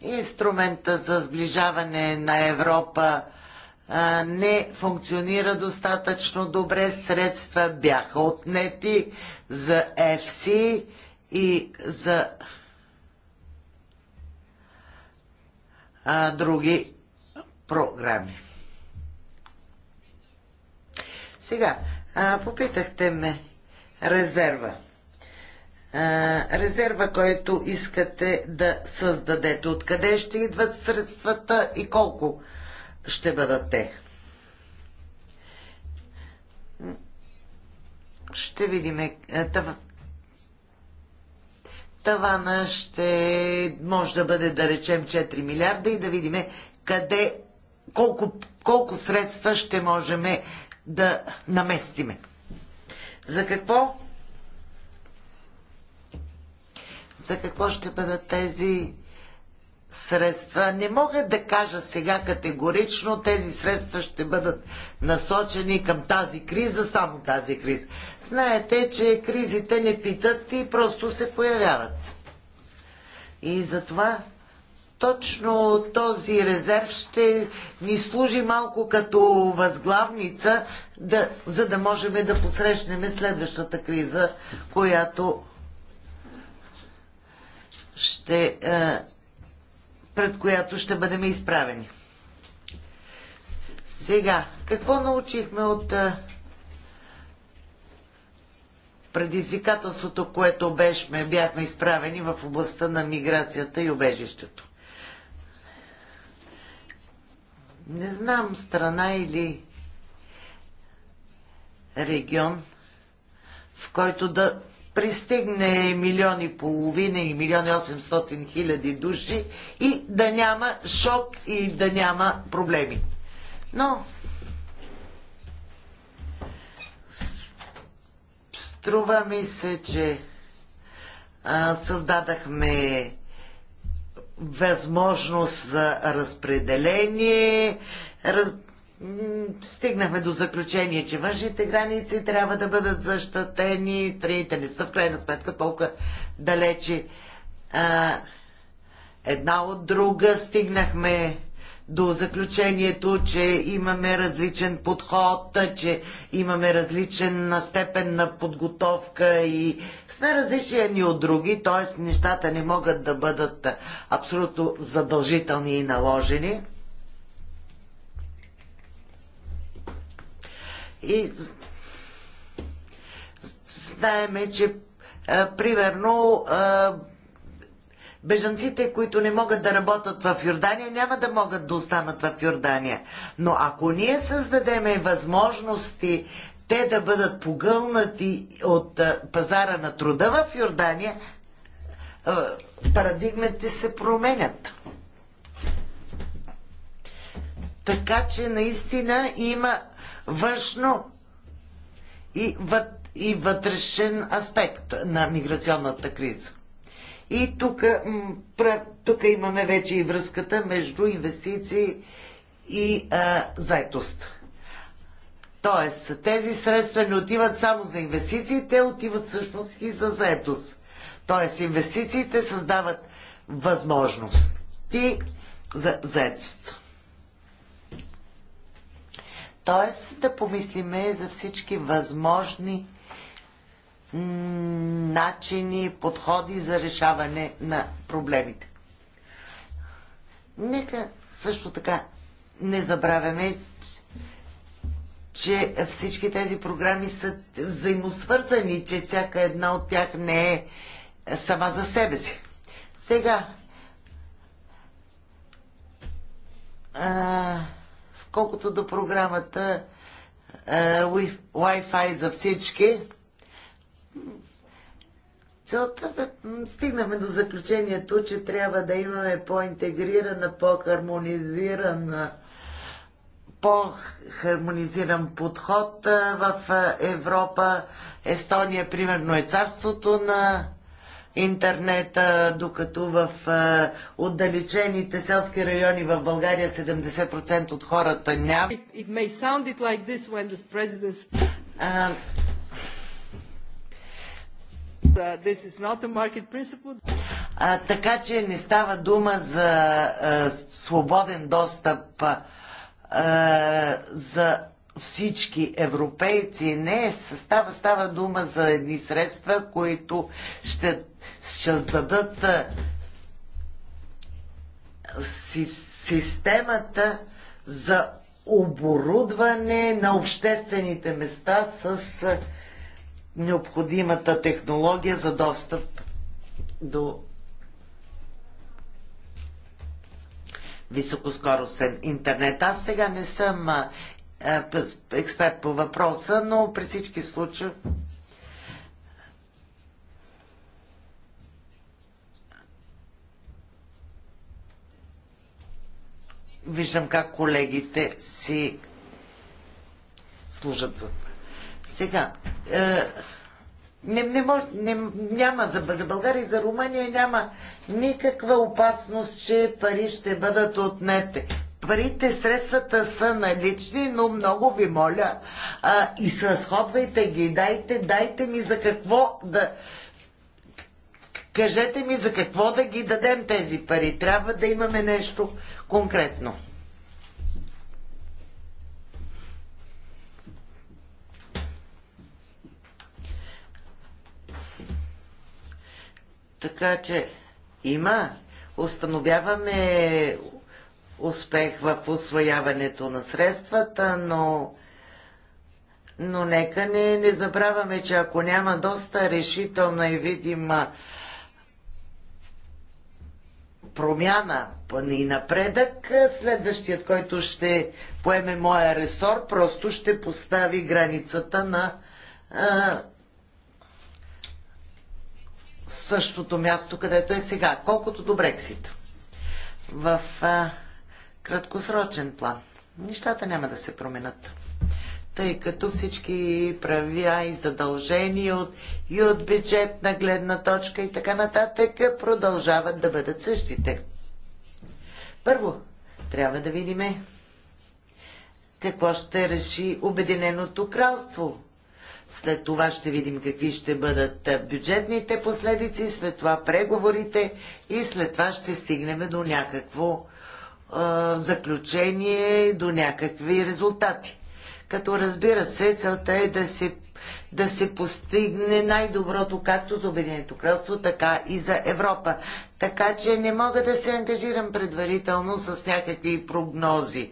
инструмента за сближаване на Европа е, не функционира достатъчно добре. Средства бяха отнети за ЕФСИ и за а, други програми. Сега, а, попитахте ме резерва. А, резерва, който искате да създадете. Откъде ще идват средствата и колко ще бъдат те? Ще видим тавана ще може да бъде, да речем, 4 милиарда и да видим къде, колко, колко средства ще можем да наместиме. За какво? За какво ще бъдат тези средства. Не мога да кажа сега категорично, тези средства ще бъдат насочени към тази криза, само тази криза. Знаете, че кризите не питат и просто се появяват. И затова точно този резерв ще ни служи малко като възглавница, да, за да можем да посрещнем следващата криза, която ще е, пред която ще бъдем изправени. Сега, какво научихме от предизвикателството, което бешме, бяхме изправени в областта на миграцията и убежището? Не знам страна или регион, в който да пристигне милион и половина или милион и 800 хиляди души и да няма шок и да няма проблеми. Но струва ми се, че а, създадахме възможност за разпределение, раз, стигнахме до заключение, че външните граници трябва да бъдат защитени, трите не са в крайна сметка толкова далечи. А, една от друга стигнахме до заключението, че имаме различен подход, че имаме различен степен на подготовка и сме различни едни от други, т.е. нещата не могат да бъдат абсолютно задължителни и наложени. И знаеме, че а, примерно а, бежанците, които не могат да работят в Йордания, няма да могат да останат в Йордания. Но ако ние създадеме възможности те да бъдат погълнати от а, пазара на труда в Йордания, а, парадигмите се променят. Така че наистина има външно и, вът, и вътрешен аспект на миграционната криза. И тук, тук имаме вече и връзката между инвестиции и а, заетост. Тоест, тези средства не отиват само за инвестиции, те отиват всъщност и за заетост. Тоест, инвестициите създават Ти за заетост. Т.е. да помислиме за всички възможни начини, подходи за решаване на проблемите. Нека също така не забравяме, че всички тези програми са взаимосвързани, че всяка една от тях не е сама за себе си. Сега. А... Колкото до програмата е, Wi-Fi за всички, целта стигнаме до заключението, че трябва да имаме по-интегрирана, по-хармонизирана по-хармонизиран подход е, в е, Европа. Естония, примерно, е царството на интернета, докато в отдалечените селски райони в България 70% от хората няма. Like uh, а, така че не става дума за а, свободен достъп, за всички европейци. Не, става, става дума за едни средства, които ще, създадат дадат си, системата за оборудване на обществените места с необходимата технология за достъп до високоскоростен интернет. Аз сега не съм е, експерт по въпроса, но при всички случаи виждам как колегите си служат за това. Сега, е, не, не мож, не, няма за, за България и за Румъния няма никаква опасност, че пари ще бъдат отнете парите, средствата са налични, но много ви моля, а, изразходвайте ги, дайте, дайте ми за какво да... Кажете ми за какво да ги дадем тези пари. Трябва да имаме нещо конкретно. Така че има. Установяваме успех в освояването на средствата, но, но нека не, не забравяме, че ако няма доста решителна и видима промяна и напредък, следващият, който ще поеме моя ресор, просто ще постави границата на а, същото място, където е сега, колкото до Брексит. В а, краткосрочен план нещата няма да се променят. Тъй като всички правя и задължения от, и от бюджетна гледна точка и така нататък продължават да бъдат същите. Първо, трябва да видиме какво ще реши Обединеното кралство. След това ще видим какви ще бъдат бюджетните последици, след това преговорите и след това ще стигнем до някакво заключение до някакви резултати. Като разбира се, целта е да се, да се постигне най-доброто както за Обединеното кралство, така и за Европа. Така че не мога да се ангажирам предварително с някакви прогнози.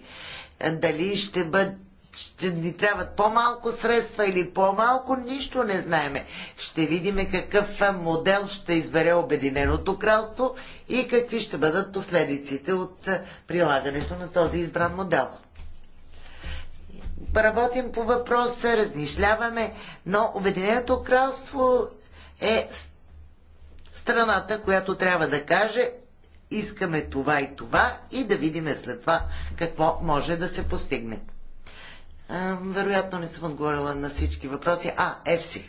Дали ще бъде ще ни трябват по-малко средства или по-малко, нищо не знаеме. Ще видим какъв модел ще избере Обединеното кралство и какви ще бъдат последиците от е, прилагането на този избран модел. Работим по въпроса, размишляваме, но Обединеното кралство е страната, която трябва да каже искаме това и това и да видим след това какво може да се постигне. Е, вероятно не съм отговорила на всички въпроси. А, ЕФСИ.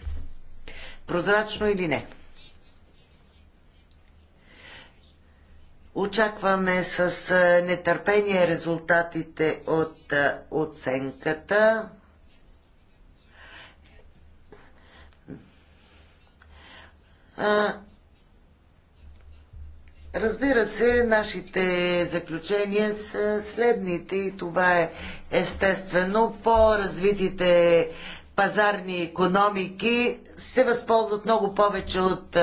Прозрачно или не? Очакваме с е, нетърпение резултатите от е, оценката. А, Разбира се, нашите заключения са следните и това е естествено. По-развитите пазарни економики се възползват много повече от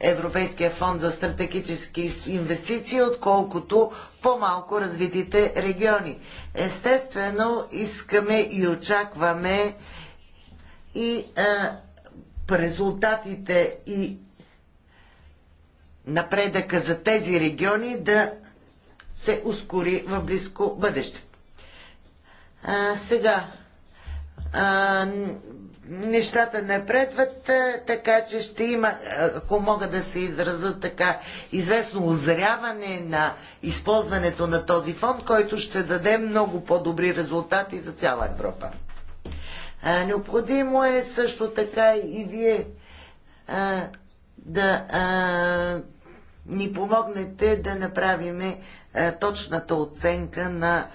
Европейския фонд за стратегически инвестиции, отколкото по-малко развитите региони. Естествено, искаме и очакваме и а, резултатите и напредъка за тези региони да се ускори в близко бъдеще. А, сега, а, нещата напредват, така че ще има, ако мога да се изразя така, известно озряване на използването на този фонд, който ще даде много по-добри резултати за цяла Европа. А, необходимо е също така и вие а, да а, ни помогнете да направим е, точната оценка на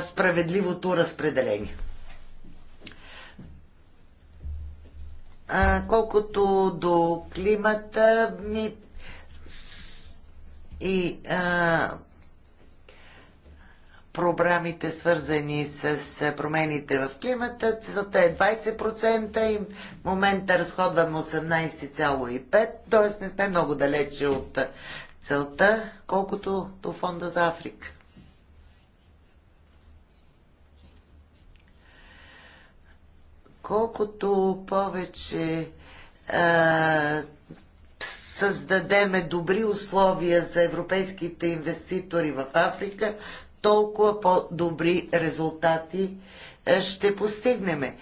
справедливото разпределение. Колкото до климата ми и а, програмите, свързани с промените в климата. Целта е 20% и в момента разходваме 18,5%, т.е. не сме много далече от целта, колкото до фонда за Африка. Колкото повече а, създадеме добри условия за европейските инвеститори в Африка, толкова по-добри резултати е, ще постигнем.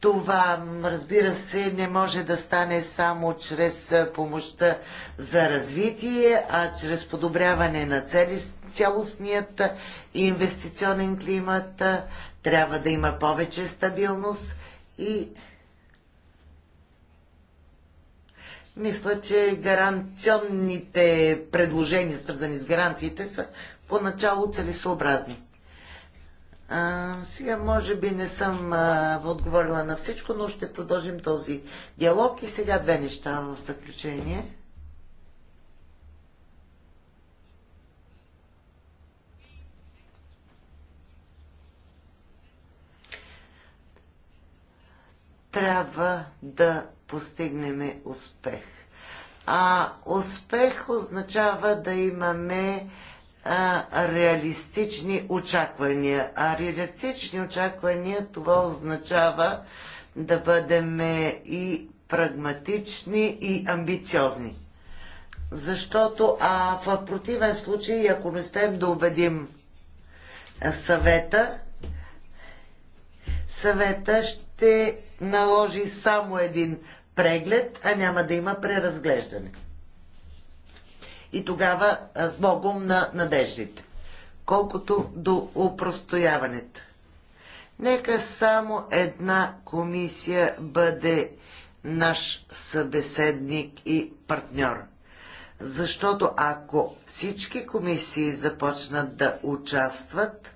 Това, разбира се, не може да стане само чрез е, помощта за развитие, а чрез подобряване на цели, цялостният е, инвестиционен климат. Трябва да има повече стабилност и мисля, че гаранционните предложения, свързани с гаранциите, са поначало целесообразни. А, сега може би не съм а, отговорила на всичко, но ще продължим този диалог и сега две неща в заключение. Трябва да постигнем успех. А успех означава да имаме а, реалистични очаквания. А реалистични очаквания това означава да бъдем и прагматични и амбициозни. Защото а в противен случай, ако не успеем да убедим съвета, съвета ще наложи само един преглед, а няма да има преразглеждане и тогава с Богом на надеждите. Колкото до упростояването. Нека само една комисия бъде наш събеседник и партньор. Защото ако всички комисии започнат да участват,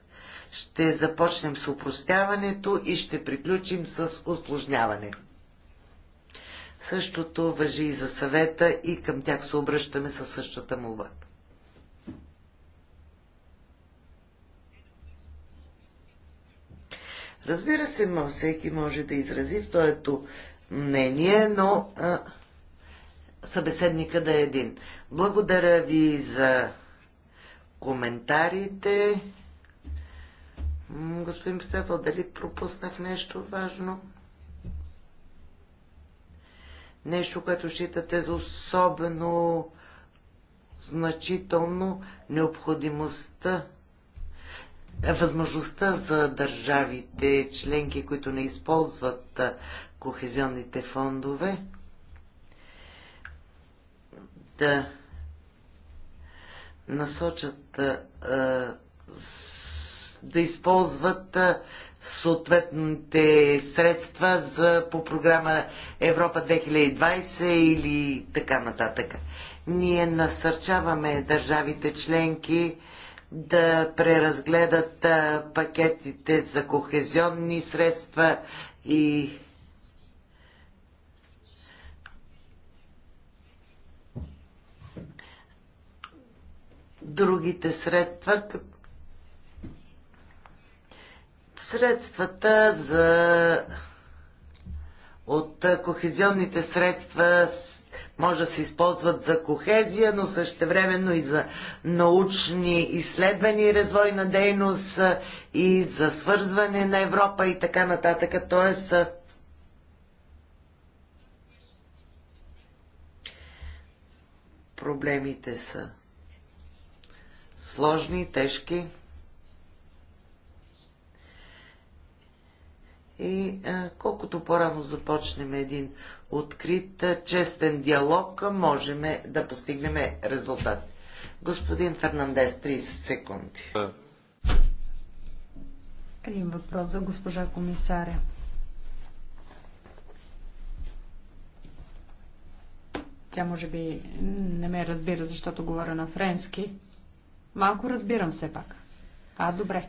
ще започнем с упростяването и ще приключим с осложняването. Същото въжи и за съвета и към тях се обръщаме със същата молба. Разбира се, всеки може да изрази тоето мнение, но а, събеседника да е един. Благодаря ви за коментарите. Господин Писател, дали пропуснах нещо важно? нещо, което считате за особено значително необходимостта, възможността за държавите членки, които не използват кохезионните фондове, да насочат да използват съответните средства за, по програма Европа 2020 или така нататък. Ние насърчаваме държавите членки да преразгледат пакетите за кохезионни средства и другите средства, като Средствата за от кохезионните средства може да се използват за кохезия, но същевременно и за научни изследвания и развойна дейност и за свързване на Европа и така нататък. Тоест, проблемите са сложни, тежки. И а, колкото по-рано започнем един открит, честен диалог, можем да постигнем резултат. Господин Фернандес, 30 секунди. Един въпрос за госпожа комисаря. Тя може би не ме разбира, защото говоря на френски. Малко разбирам все пак. А, добре.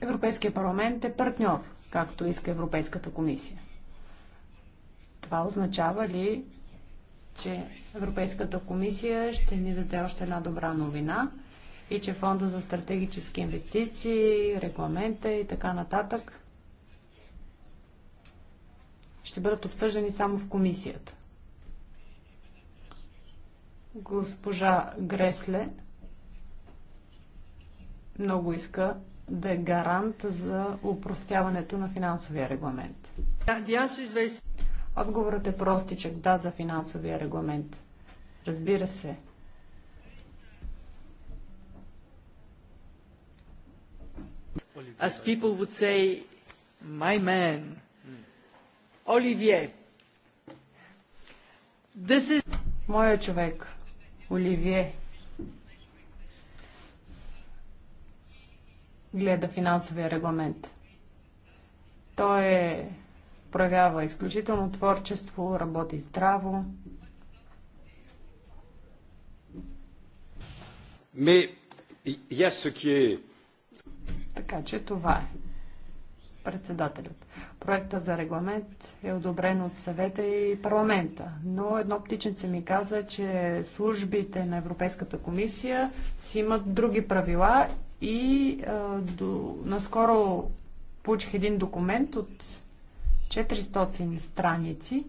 Европейския парламент е партньор, както иска Европейската комисия. Това означава ли, че Европейската комисия ще ни даде още една добра новина и че Фонда за стратегически инвестиции, регламента и така нататък ще бъдат обсъждани само в комисията? Госпожа Гресле много иска да е гарант за упростяването на финансовия регламент? Отговорът е простичък да за финансовия регламент. Разбира се. As people would say, my man, Оливие. This is... Моя човек, Оливие, гледа финансовия регламент. Той е, проявява изключително творчество, работи здраво. Ме, il y Така че това е председателят. Проекта за регламент е одобрен от съвета и парламента, но едно птиченце ми каза, че службите на Европейската комисия си имат други правила и а, до, наскоро получих един документ от 400 страници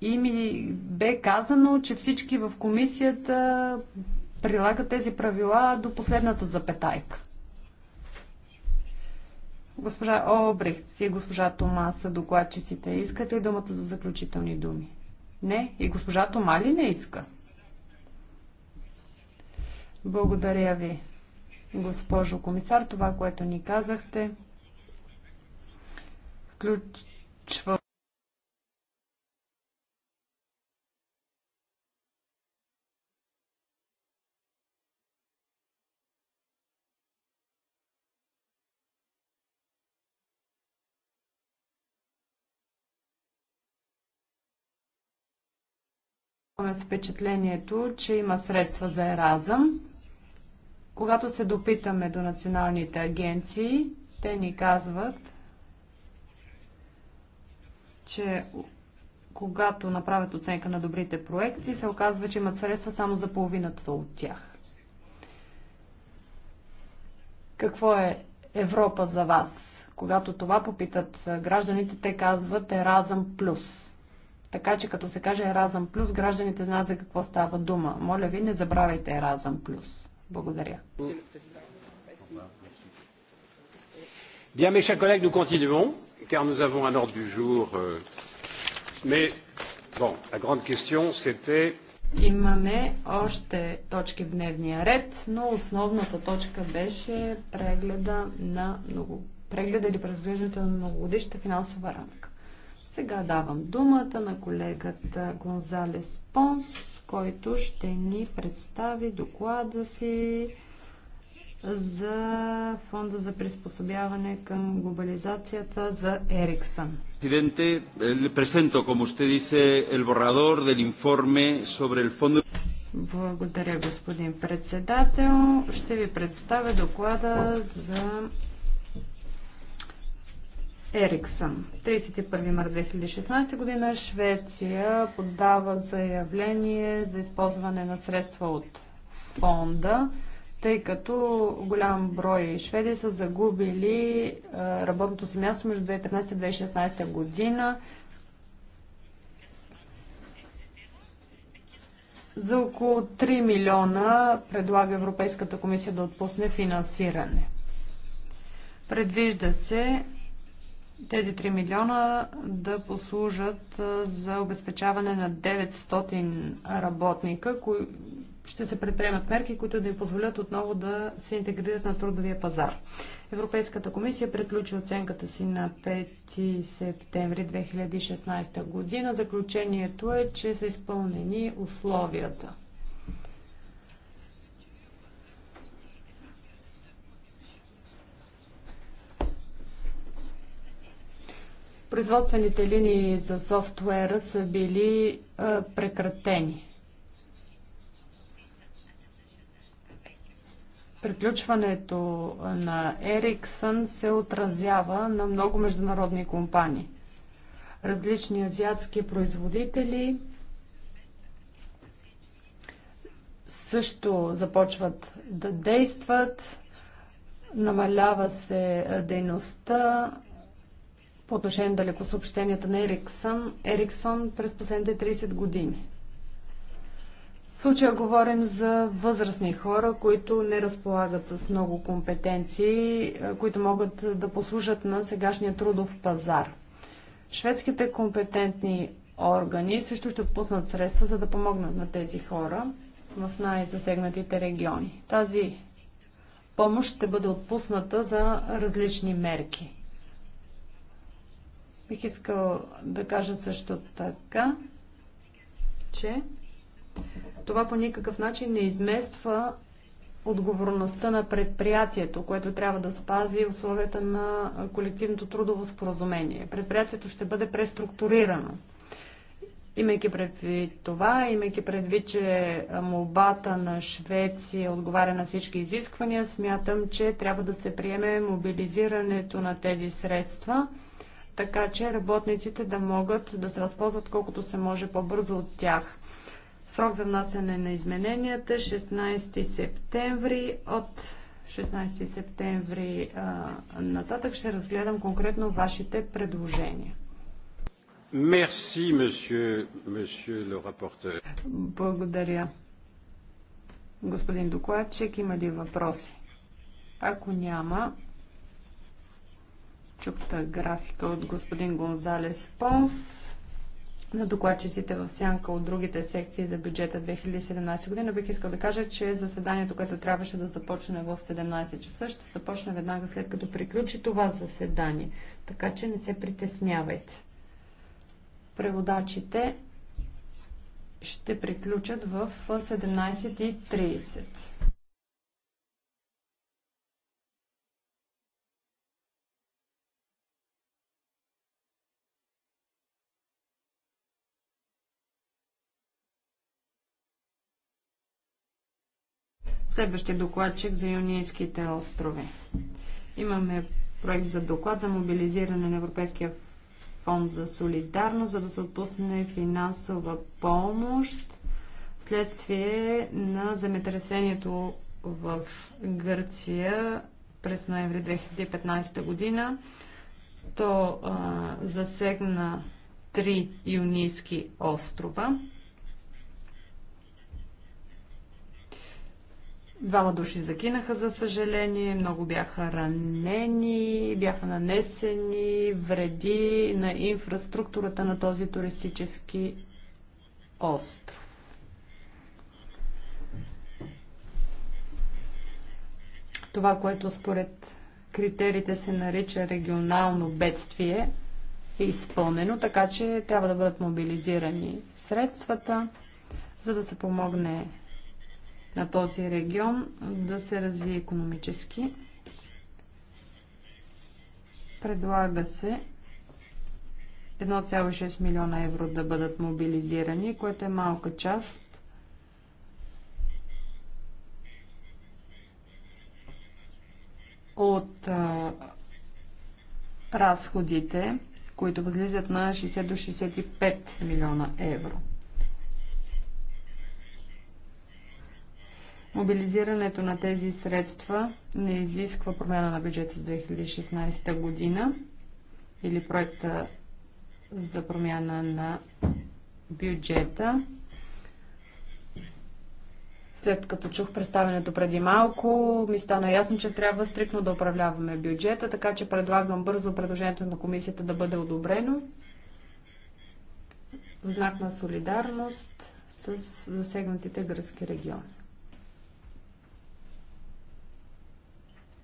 и ми бе казано, че всички в комисията прилагат тези правила до последната запетайка. Госпожа Обрехт и госпожа Тома са докладчиците. Искате ли думата за заключителни думи? Не. И госпожа Тома ли не иска? Благодаря ви госпожо комисар. Това, което ни казахте, включва с впечатлението, че има средства за еразъм. Когато се допитаме до националните агенции, те ни казват, че когато направят оценка на добрите проекти, се оказва, че имат средства само за половината от тях. Какво е Европа за вас? Когато това попитат гражданите, те казват Еразъм Плюс. Така че като се каже Еразъм Плюс, гражданите знаят за какво става дума. Моля ви, не забравяйте Еразъм Плюс. Благодаря. Bien, mes chers collègues, nous continuons, car nous avons un ordre du jour. Euh, mais, bon, la grande question, c'était. Имаме още точки в дневния ред, но основната точка беше прегледа на много... прегледа или преразглеждането на многогодишната финансова рамка. Сега давам думата на колегата Гонзалес Понс който ще ни представи доклада си за Фонда за приспособяване към глобализацията за Ериксън. Президенте, le presento, como usted dice, el borrador del informe sobre el fondo. Благодаря, господин председател. Ще ви представя доклада за Ериксън. 31 марта 2016 година Швеция подава заявление за използване на средства от фонда, тъй като голям брой шведи са загубили работното си място между 2015 и 2016 година. За около 3 милиона предлага Европейската комисия да отпусне финансиране. Предвижда се тези 3 милиона да послужат за обезпечаване на 900 работника, кои ще се предприемат мерки, които да им позволят отново да се интегрират на трудовия пазар. Европейската комисия приключи оценката си на 5 септември 2016 година. Заключението е, че са изпълнени условията. Производствените линии за софтуера са били а, прекратени. Приключването на Ериксън се отразява на много международни компании. Различни азиатски производители също започват да действат, намалява се дейността по отношение на далекосъобщенията на Ериксон, Ериксон през последните 30 години. В случая говорим за възрастни хора, които не разполагат с много компетенции, които могат да послужат на сегашния трудов пазар. Шведските компетентни органи също ще отпуснат средства, за да помогнат на тези хора в най-засегнатите региони. Тази помощ ще бъде отпусната за различни мерки. Бих искал да кажа също така, че това по никакъв начин не измества отговорността на предприятието, което трябва да спази условията на колективното трудово споразумение. Предприятието ще бъде преструктурирано. Имайки предвид това, имайки предвид, че молбата на Швеция отговаря на всички изисквания, смятам, че трябва да се приеме мобилизирането на тези средства – така че работниците да могат да се възползват колкото се може по-бързо от тях. Срок за внасяне на измененията 16 е септември от 16 септември а, нататък ще разгледам конкретно вашите предложения. Merci, monsieur, monsieur le rapporteur. Благодаря. Господин докладчик, има ли въпроси? Ако няма, чукта е, графика от господин Гонзалес Понс на докладчиците в сянка от другите секции за бюджета 2017 година, бих искал да кажа, че заседанието, което трябваше да започне в 17 часа, ще започне веднага след като приключи това заседание. Така че не се притеснявайте. Преводачите ще приключат в 17.30. Следващия докладчик за Юнийските острови. Имаме проект за доклад за мобилизиране на Европейския фонд за солидарност, за да се отпусне финансова помощ следствие на земетресението в Гърция през ноември 2015 година. То а, засегна три юнийски острова. Двама души закинаха, за съжаление, много бяха ранени, бяха нанесени вреди на инфраструктурата на този туристически остров. Това, което според критериите се нарича регионално бедствие, е изпълнено, така че трябва да бъдат мобилизирани средствата, за да се помогне на този регион да се развие економически. Предлага се 1,6 милиона евро да бъдат мобилизирани, което е малка част от а, разходите, които възлизат на 60 до 65 милиона евро. Мобилизирането на тези средства не изисква промяна на бюджета за 2016 година или проекта за промяна на бюджета. След като чух представенето преди малко, ми стана ясно, че трябва стрикно да управляваме бюджета, така че предлагам бързо предложението на комисията да бъде одобрено в знак на солидарност с засегнатите гръцки региони.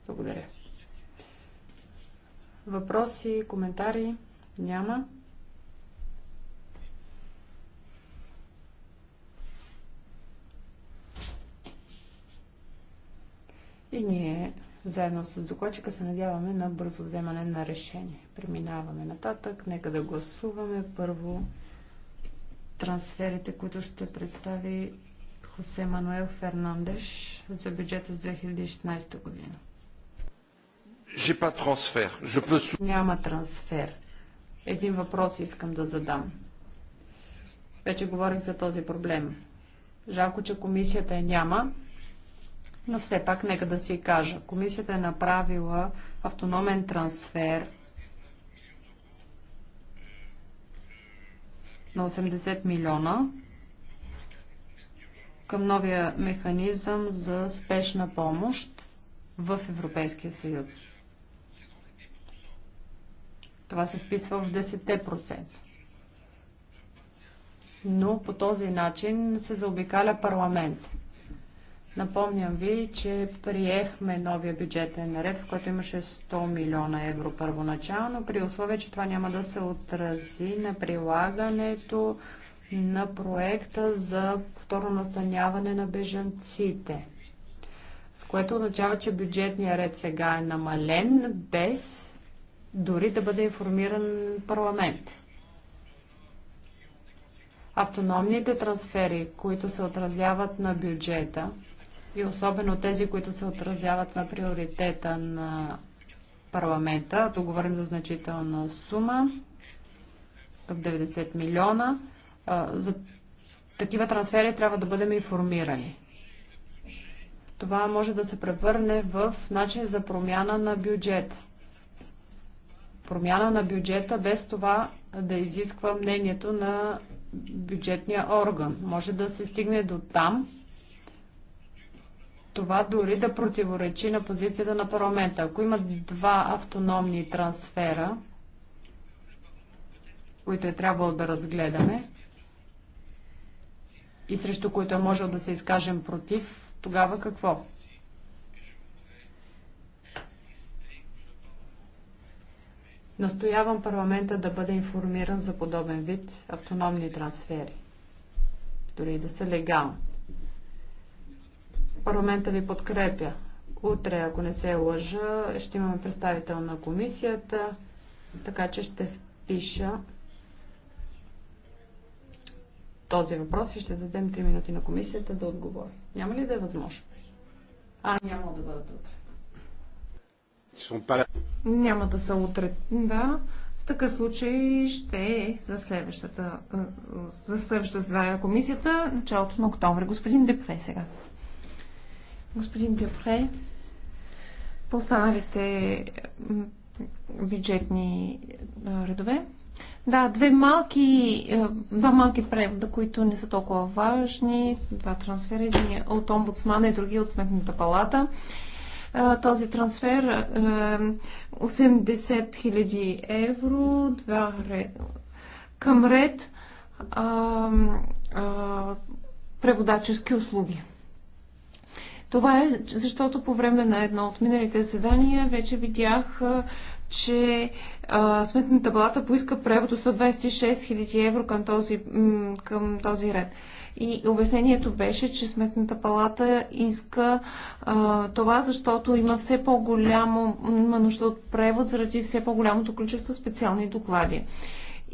Благодаря. Въпроси, коментари? Няма. И ние заедно с докладчика се надяваме на бързо вземане на решение. Преминаваме нататък. Нека да гласуваме първо трансферите, които ще представи Хосе Мануел Фернандеш за бюджета с 2016 година. Peux... Няма трансфер. Един въпрос искам да задам. Вече говорих за този проблем. Жалко, че комисията е няма, но все пак нека да си кажа. Комисията е направила автономен трансфер на 80 милиона към новия механизъм за спешна помощ в Европейския съюз. Това се вписва в 10%. Но по този начин се заобикаля парламент. Напомням ви, че приехме новия бюджетен ред, в който имаше 100 милиона евро първоначално, при условие, че това няма да се отрази на прилагането на проекта за второ настаняване на бежанците. С което означава, че бюджетният ред сега е намален без дори да бъде информиран парламент. Автономните трансфери, които се отразяват на бюджета и особено тези, които се отразяват на приоритета на парламента, тук говорим за значителна сума, в 90 милиона, за такива трансфери трябва да бъдем информирани. Това може да се превърне в начин за промяна на бюджета промяна на бюджета без това да изисква мнението на бюджетния орган. Може да се стигне до там, това дори да противоречи на позицията на парламента. Ако има два автономни трансфера, които е трябвало да разгледаме и срещу които е можел да се изкажем против, тогава какво? Настоявам парламента да бъде информиран за подобен вид автономни трансфери, дори и да са легални. Парламента ви подкрепя. Утре, ако не се лъжа, ще имаме представител на комисията, така че ще впиша този въпрос и ще дадем 3 минути на комисията да отговори. Няма ли да е възможно? А, няма да бъдат утре. Няма да са утре, да. В такъв случай ще е за следващата, за следващата заседание на комисията, началото на октомври. Господин Депре сега. Господин Депре, по останалите бюджетни редове. Да, две малки, два малки превода, които не са толкова важни. Два трансфера, един от омбудсмана и други от Сметната палата този трансфер 80 000 евро два ред, към ред а, а, преводачески услуги. Това е защото по време на едно от миналите заседания вече видях, че сметната палата поиска превод от 126 000 евро към този, към този ред. И обяснението беше, че Сметната палата иска а, това, защото има все по-голямо нужда от превод заради все по-голямото количество специални доклади.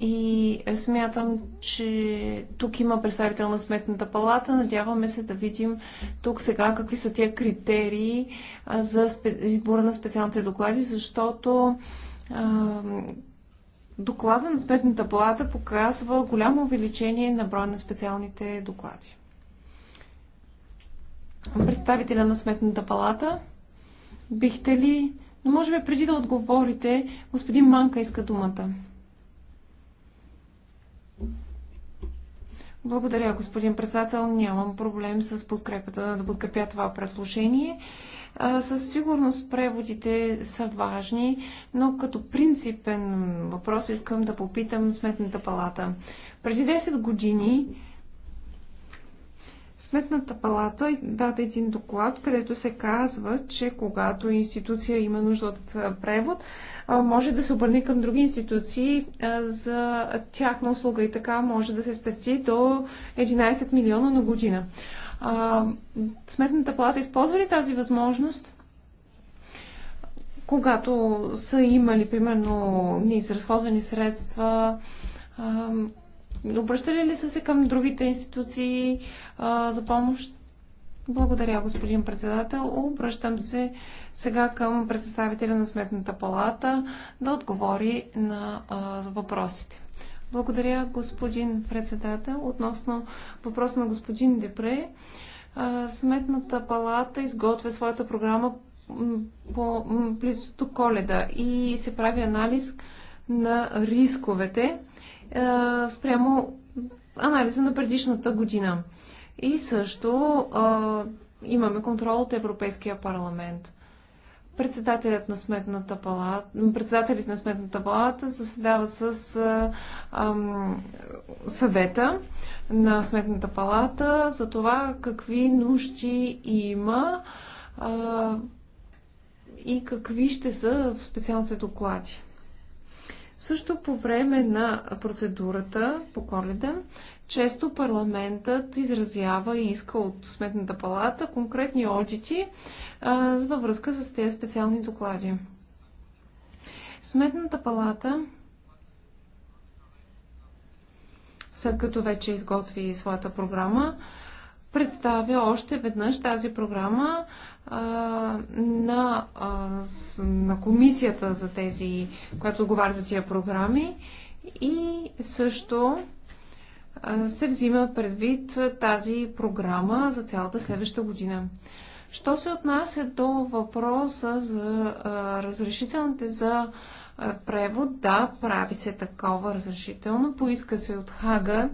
И смятам, че тук има представител на Сметната палата. Надяваме се да видим тук сега какви са тия критерии за избора на специалните доклади, защото Доклада на Сметната палата показва голямо увеличение на броя на специалните доклади. Представителя на Сметната палата, бихте ли, но може би преди да отговорите, господин Манка иска думата. Благодаря, господин председател. Нямам проблем с подкрепата да подкрепя това предложение. Със сигурност преводите са важни, но като принципен въпрос искам да попитам Сметната палата. Преди 10 години Сметната палата даде един доклад, където се казва, че когато институция има нужда от превод, може да се обърне към други институции за тяхна услуга и така може да се спести до 11 милиона на година. А, сметната плата използва ли тази възможност? Когато са имали, примерно, неизразходвани средства, а, обръщали ли са се към другите институции а, за помощ? Благодаря, господин председател. Обръщам се сега към представителя на Сметната палата да отговори на а, въпросите. Благодаря, господин председател. Относно въпроса на господин Депре, Сметната палата изготвя своята програма по близо до коледа и се прави анализ на рисковете спрямо анализа на предишната година. И също имаме контрол от Европейския парламент. Председателят на сметната палата, председателите на сметната палата заседава с а, ам, съвета на сметната палата за това какви нужди има а, и какви ще са в специалните доклади. Също по време на процедурата по коледа често парламентът изразява и иска от Сметната палата конкретни одити а, във връзка с тези специални доклади. Сметната палата, след като вече изготви своята програма, представя още веднъж тази програма а, на, а, с, на комисията за тези, която отговаря за тези програми и също се взима предвид тази програма за цялата следваща година. Що се отнася до въпроса за разрешителните за превод, да, прави се такова разрешително, поиска се от Хага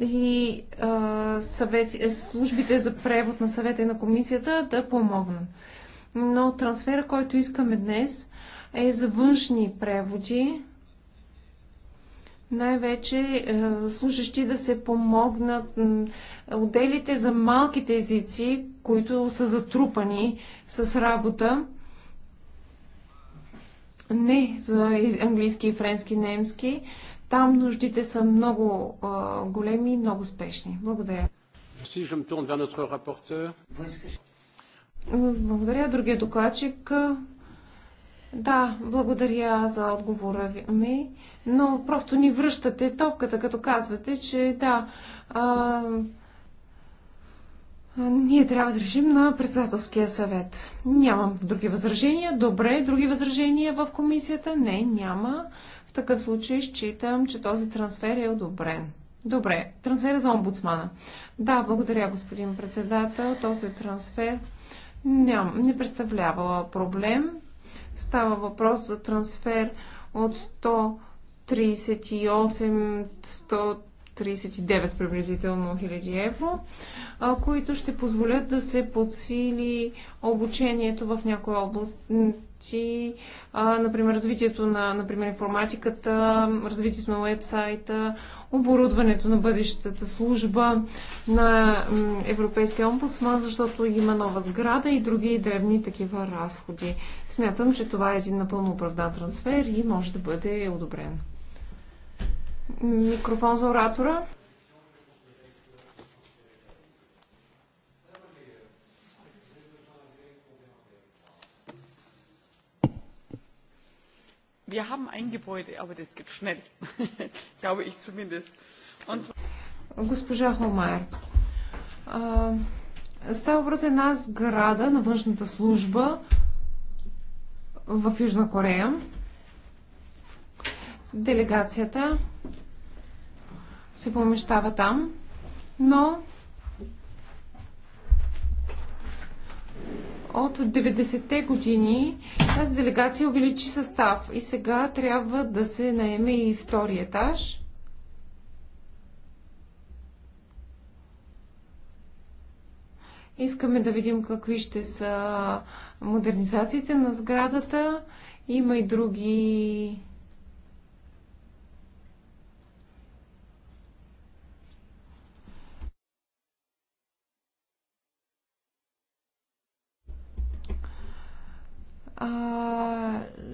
и а, съвет, службите за превод на съвета и на комисията да помогнат. Но трансфера, който искаме днес, е за външни преводи, най-вече е, служащи да се помогнат отделите за малките езици, които са затрупани с работа. Не за английски, френски, немски. Там нуждите са много е, големи и много спешни. Благодаря. Е, благодаря. Другия докладчик. Да, благодаря за отговора ми но просто ни връщате топката, като казвате, че да, а, ние трябва да решим на председателския съвет. Нямам други възражения. Добре, други възражения в комисията? Не, няма. В такъв случай считам, че този трансфер е одобрен. Добре, трансфер за омбудсмана. Да, благодаря, господин председател. Този трансфер ням, не представлява проблем. Става въпрос за трансфер от 100 38-139 приблизително хиляди евро, които ще позволят да се подсили обучението в някои области, например развитието на например, информатиката, развитието на вебсайта, оборудването на бъдещата служба на Европейския омбудсман, защото има нова сграда и други древни такива разходи. Смятам, че това е един напълно оправдан трансфер и може да бъде одобрен. Микрофон за оратора. Wir haben ein Gebäude, aber das geht schnell, glaube ich zumindest. Und zwar... Госпожа Хомайер, става въпрос една сграда на външната служба в Южна Корея. Делегацията се помещава там, но от 90-те години тази делегация увеличи състав и сега трябва да се наеме и втори етаж. Искаме да видим какви ще са модернизациите на сградата. Има и други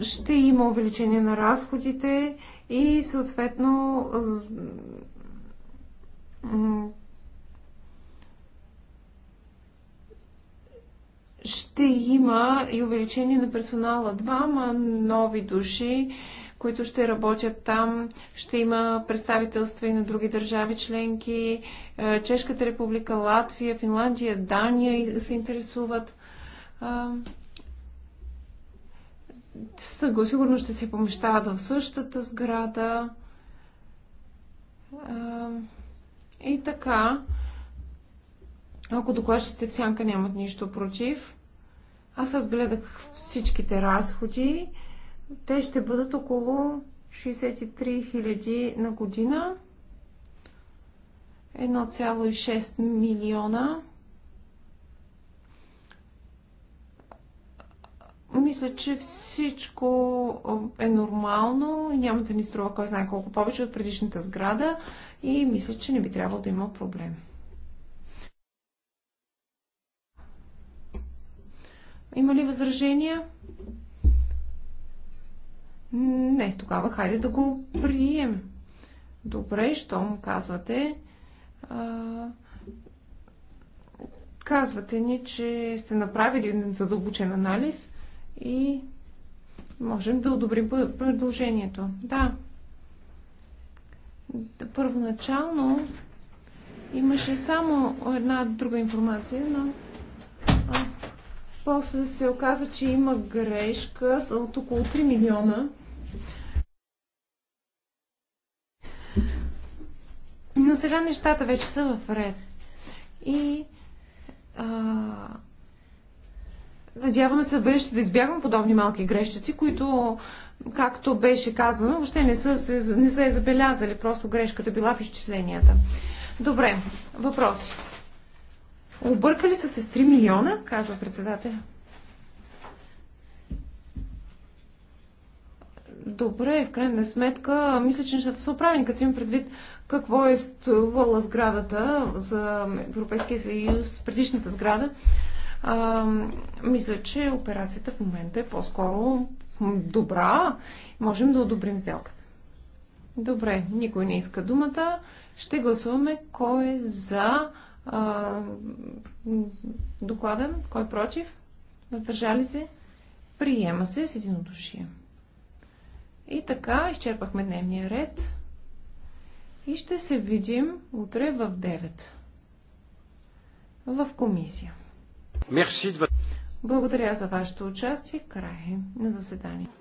ще има увеличение на разходите и съответно ще има и увеличение на персонала. Двама нови души, които ще работят там. Ще има представителства и на други държави членки. Е, Чешката република, Латвия, Финландия, Дания се интересуват сигурно ще се помещават в същата сграда. И така, ако докладчиците в сянка нямат нищо против, аз гледах всичките разходи. Те ще бъдат около 63 000 на година. 1,6 милиона мисля, че всичко е нормално и няма да ни струва кой знае колко повече от предишната сграда и мисля, че не би трябвало да има проблем. Има ли възражения? Не, тогава хайде да го прием. Добре, щом казвате. А, казвате ни, че сте направили задълбочен анализ и можем да одобрим предложението. Да, първоначално имаше само една друга информация, но а, после се оказа, че има грешка от около 3 милиона. Но сега нещата вече са в ред. И а, Надяваме се в бъдеще да избягвам подобни малки грешчици, които, както беше казано, въобще не са, се, не са е забелязали. Просто грешката била в изчисленията. Добре, въпроси. Объркали са се с 3 милиона, казва председателя. Добре, в крайна сметка, мисля, че нещата са оправени, като си има предвид какво е струвала сградата за Европейския съюз, предишната сграда. А, мисля, че операцията в момента е по-скоро добра. Можем да одобрим сделката. Добре, никой не иска думата. Ще гласуваме кой е за а, доклада, кой е против, въздържали се. Приема се с единодушие. И така, изчерпахме дневния ред. И ще се видим утре в 9 в комисия. Благодаря за вашето участие. Край на заседанието.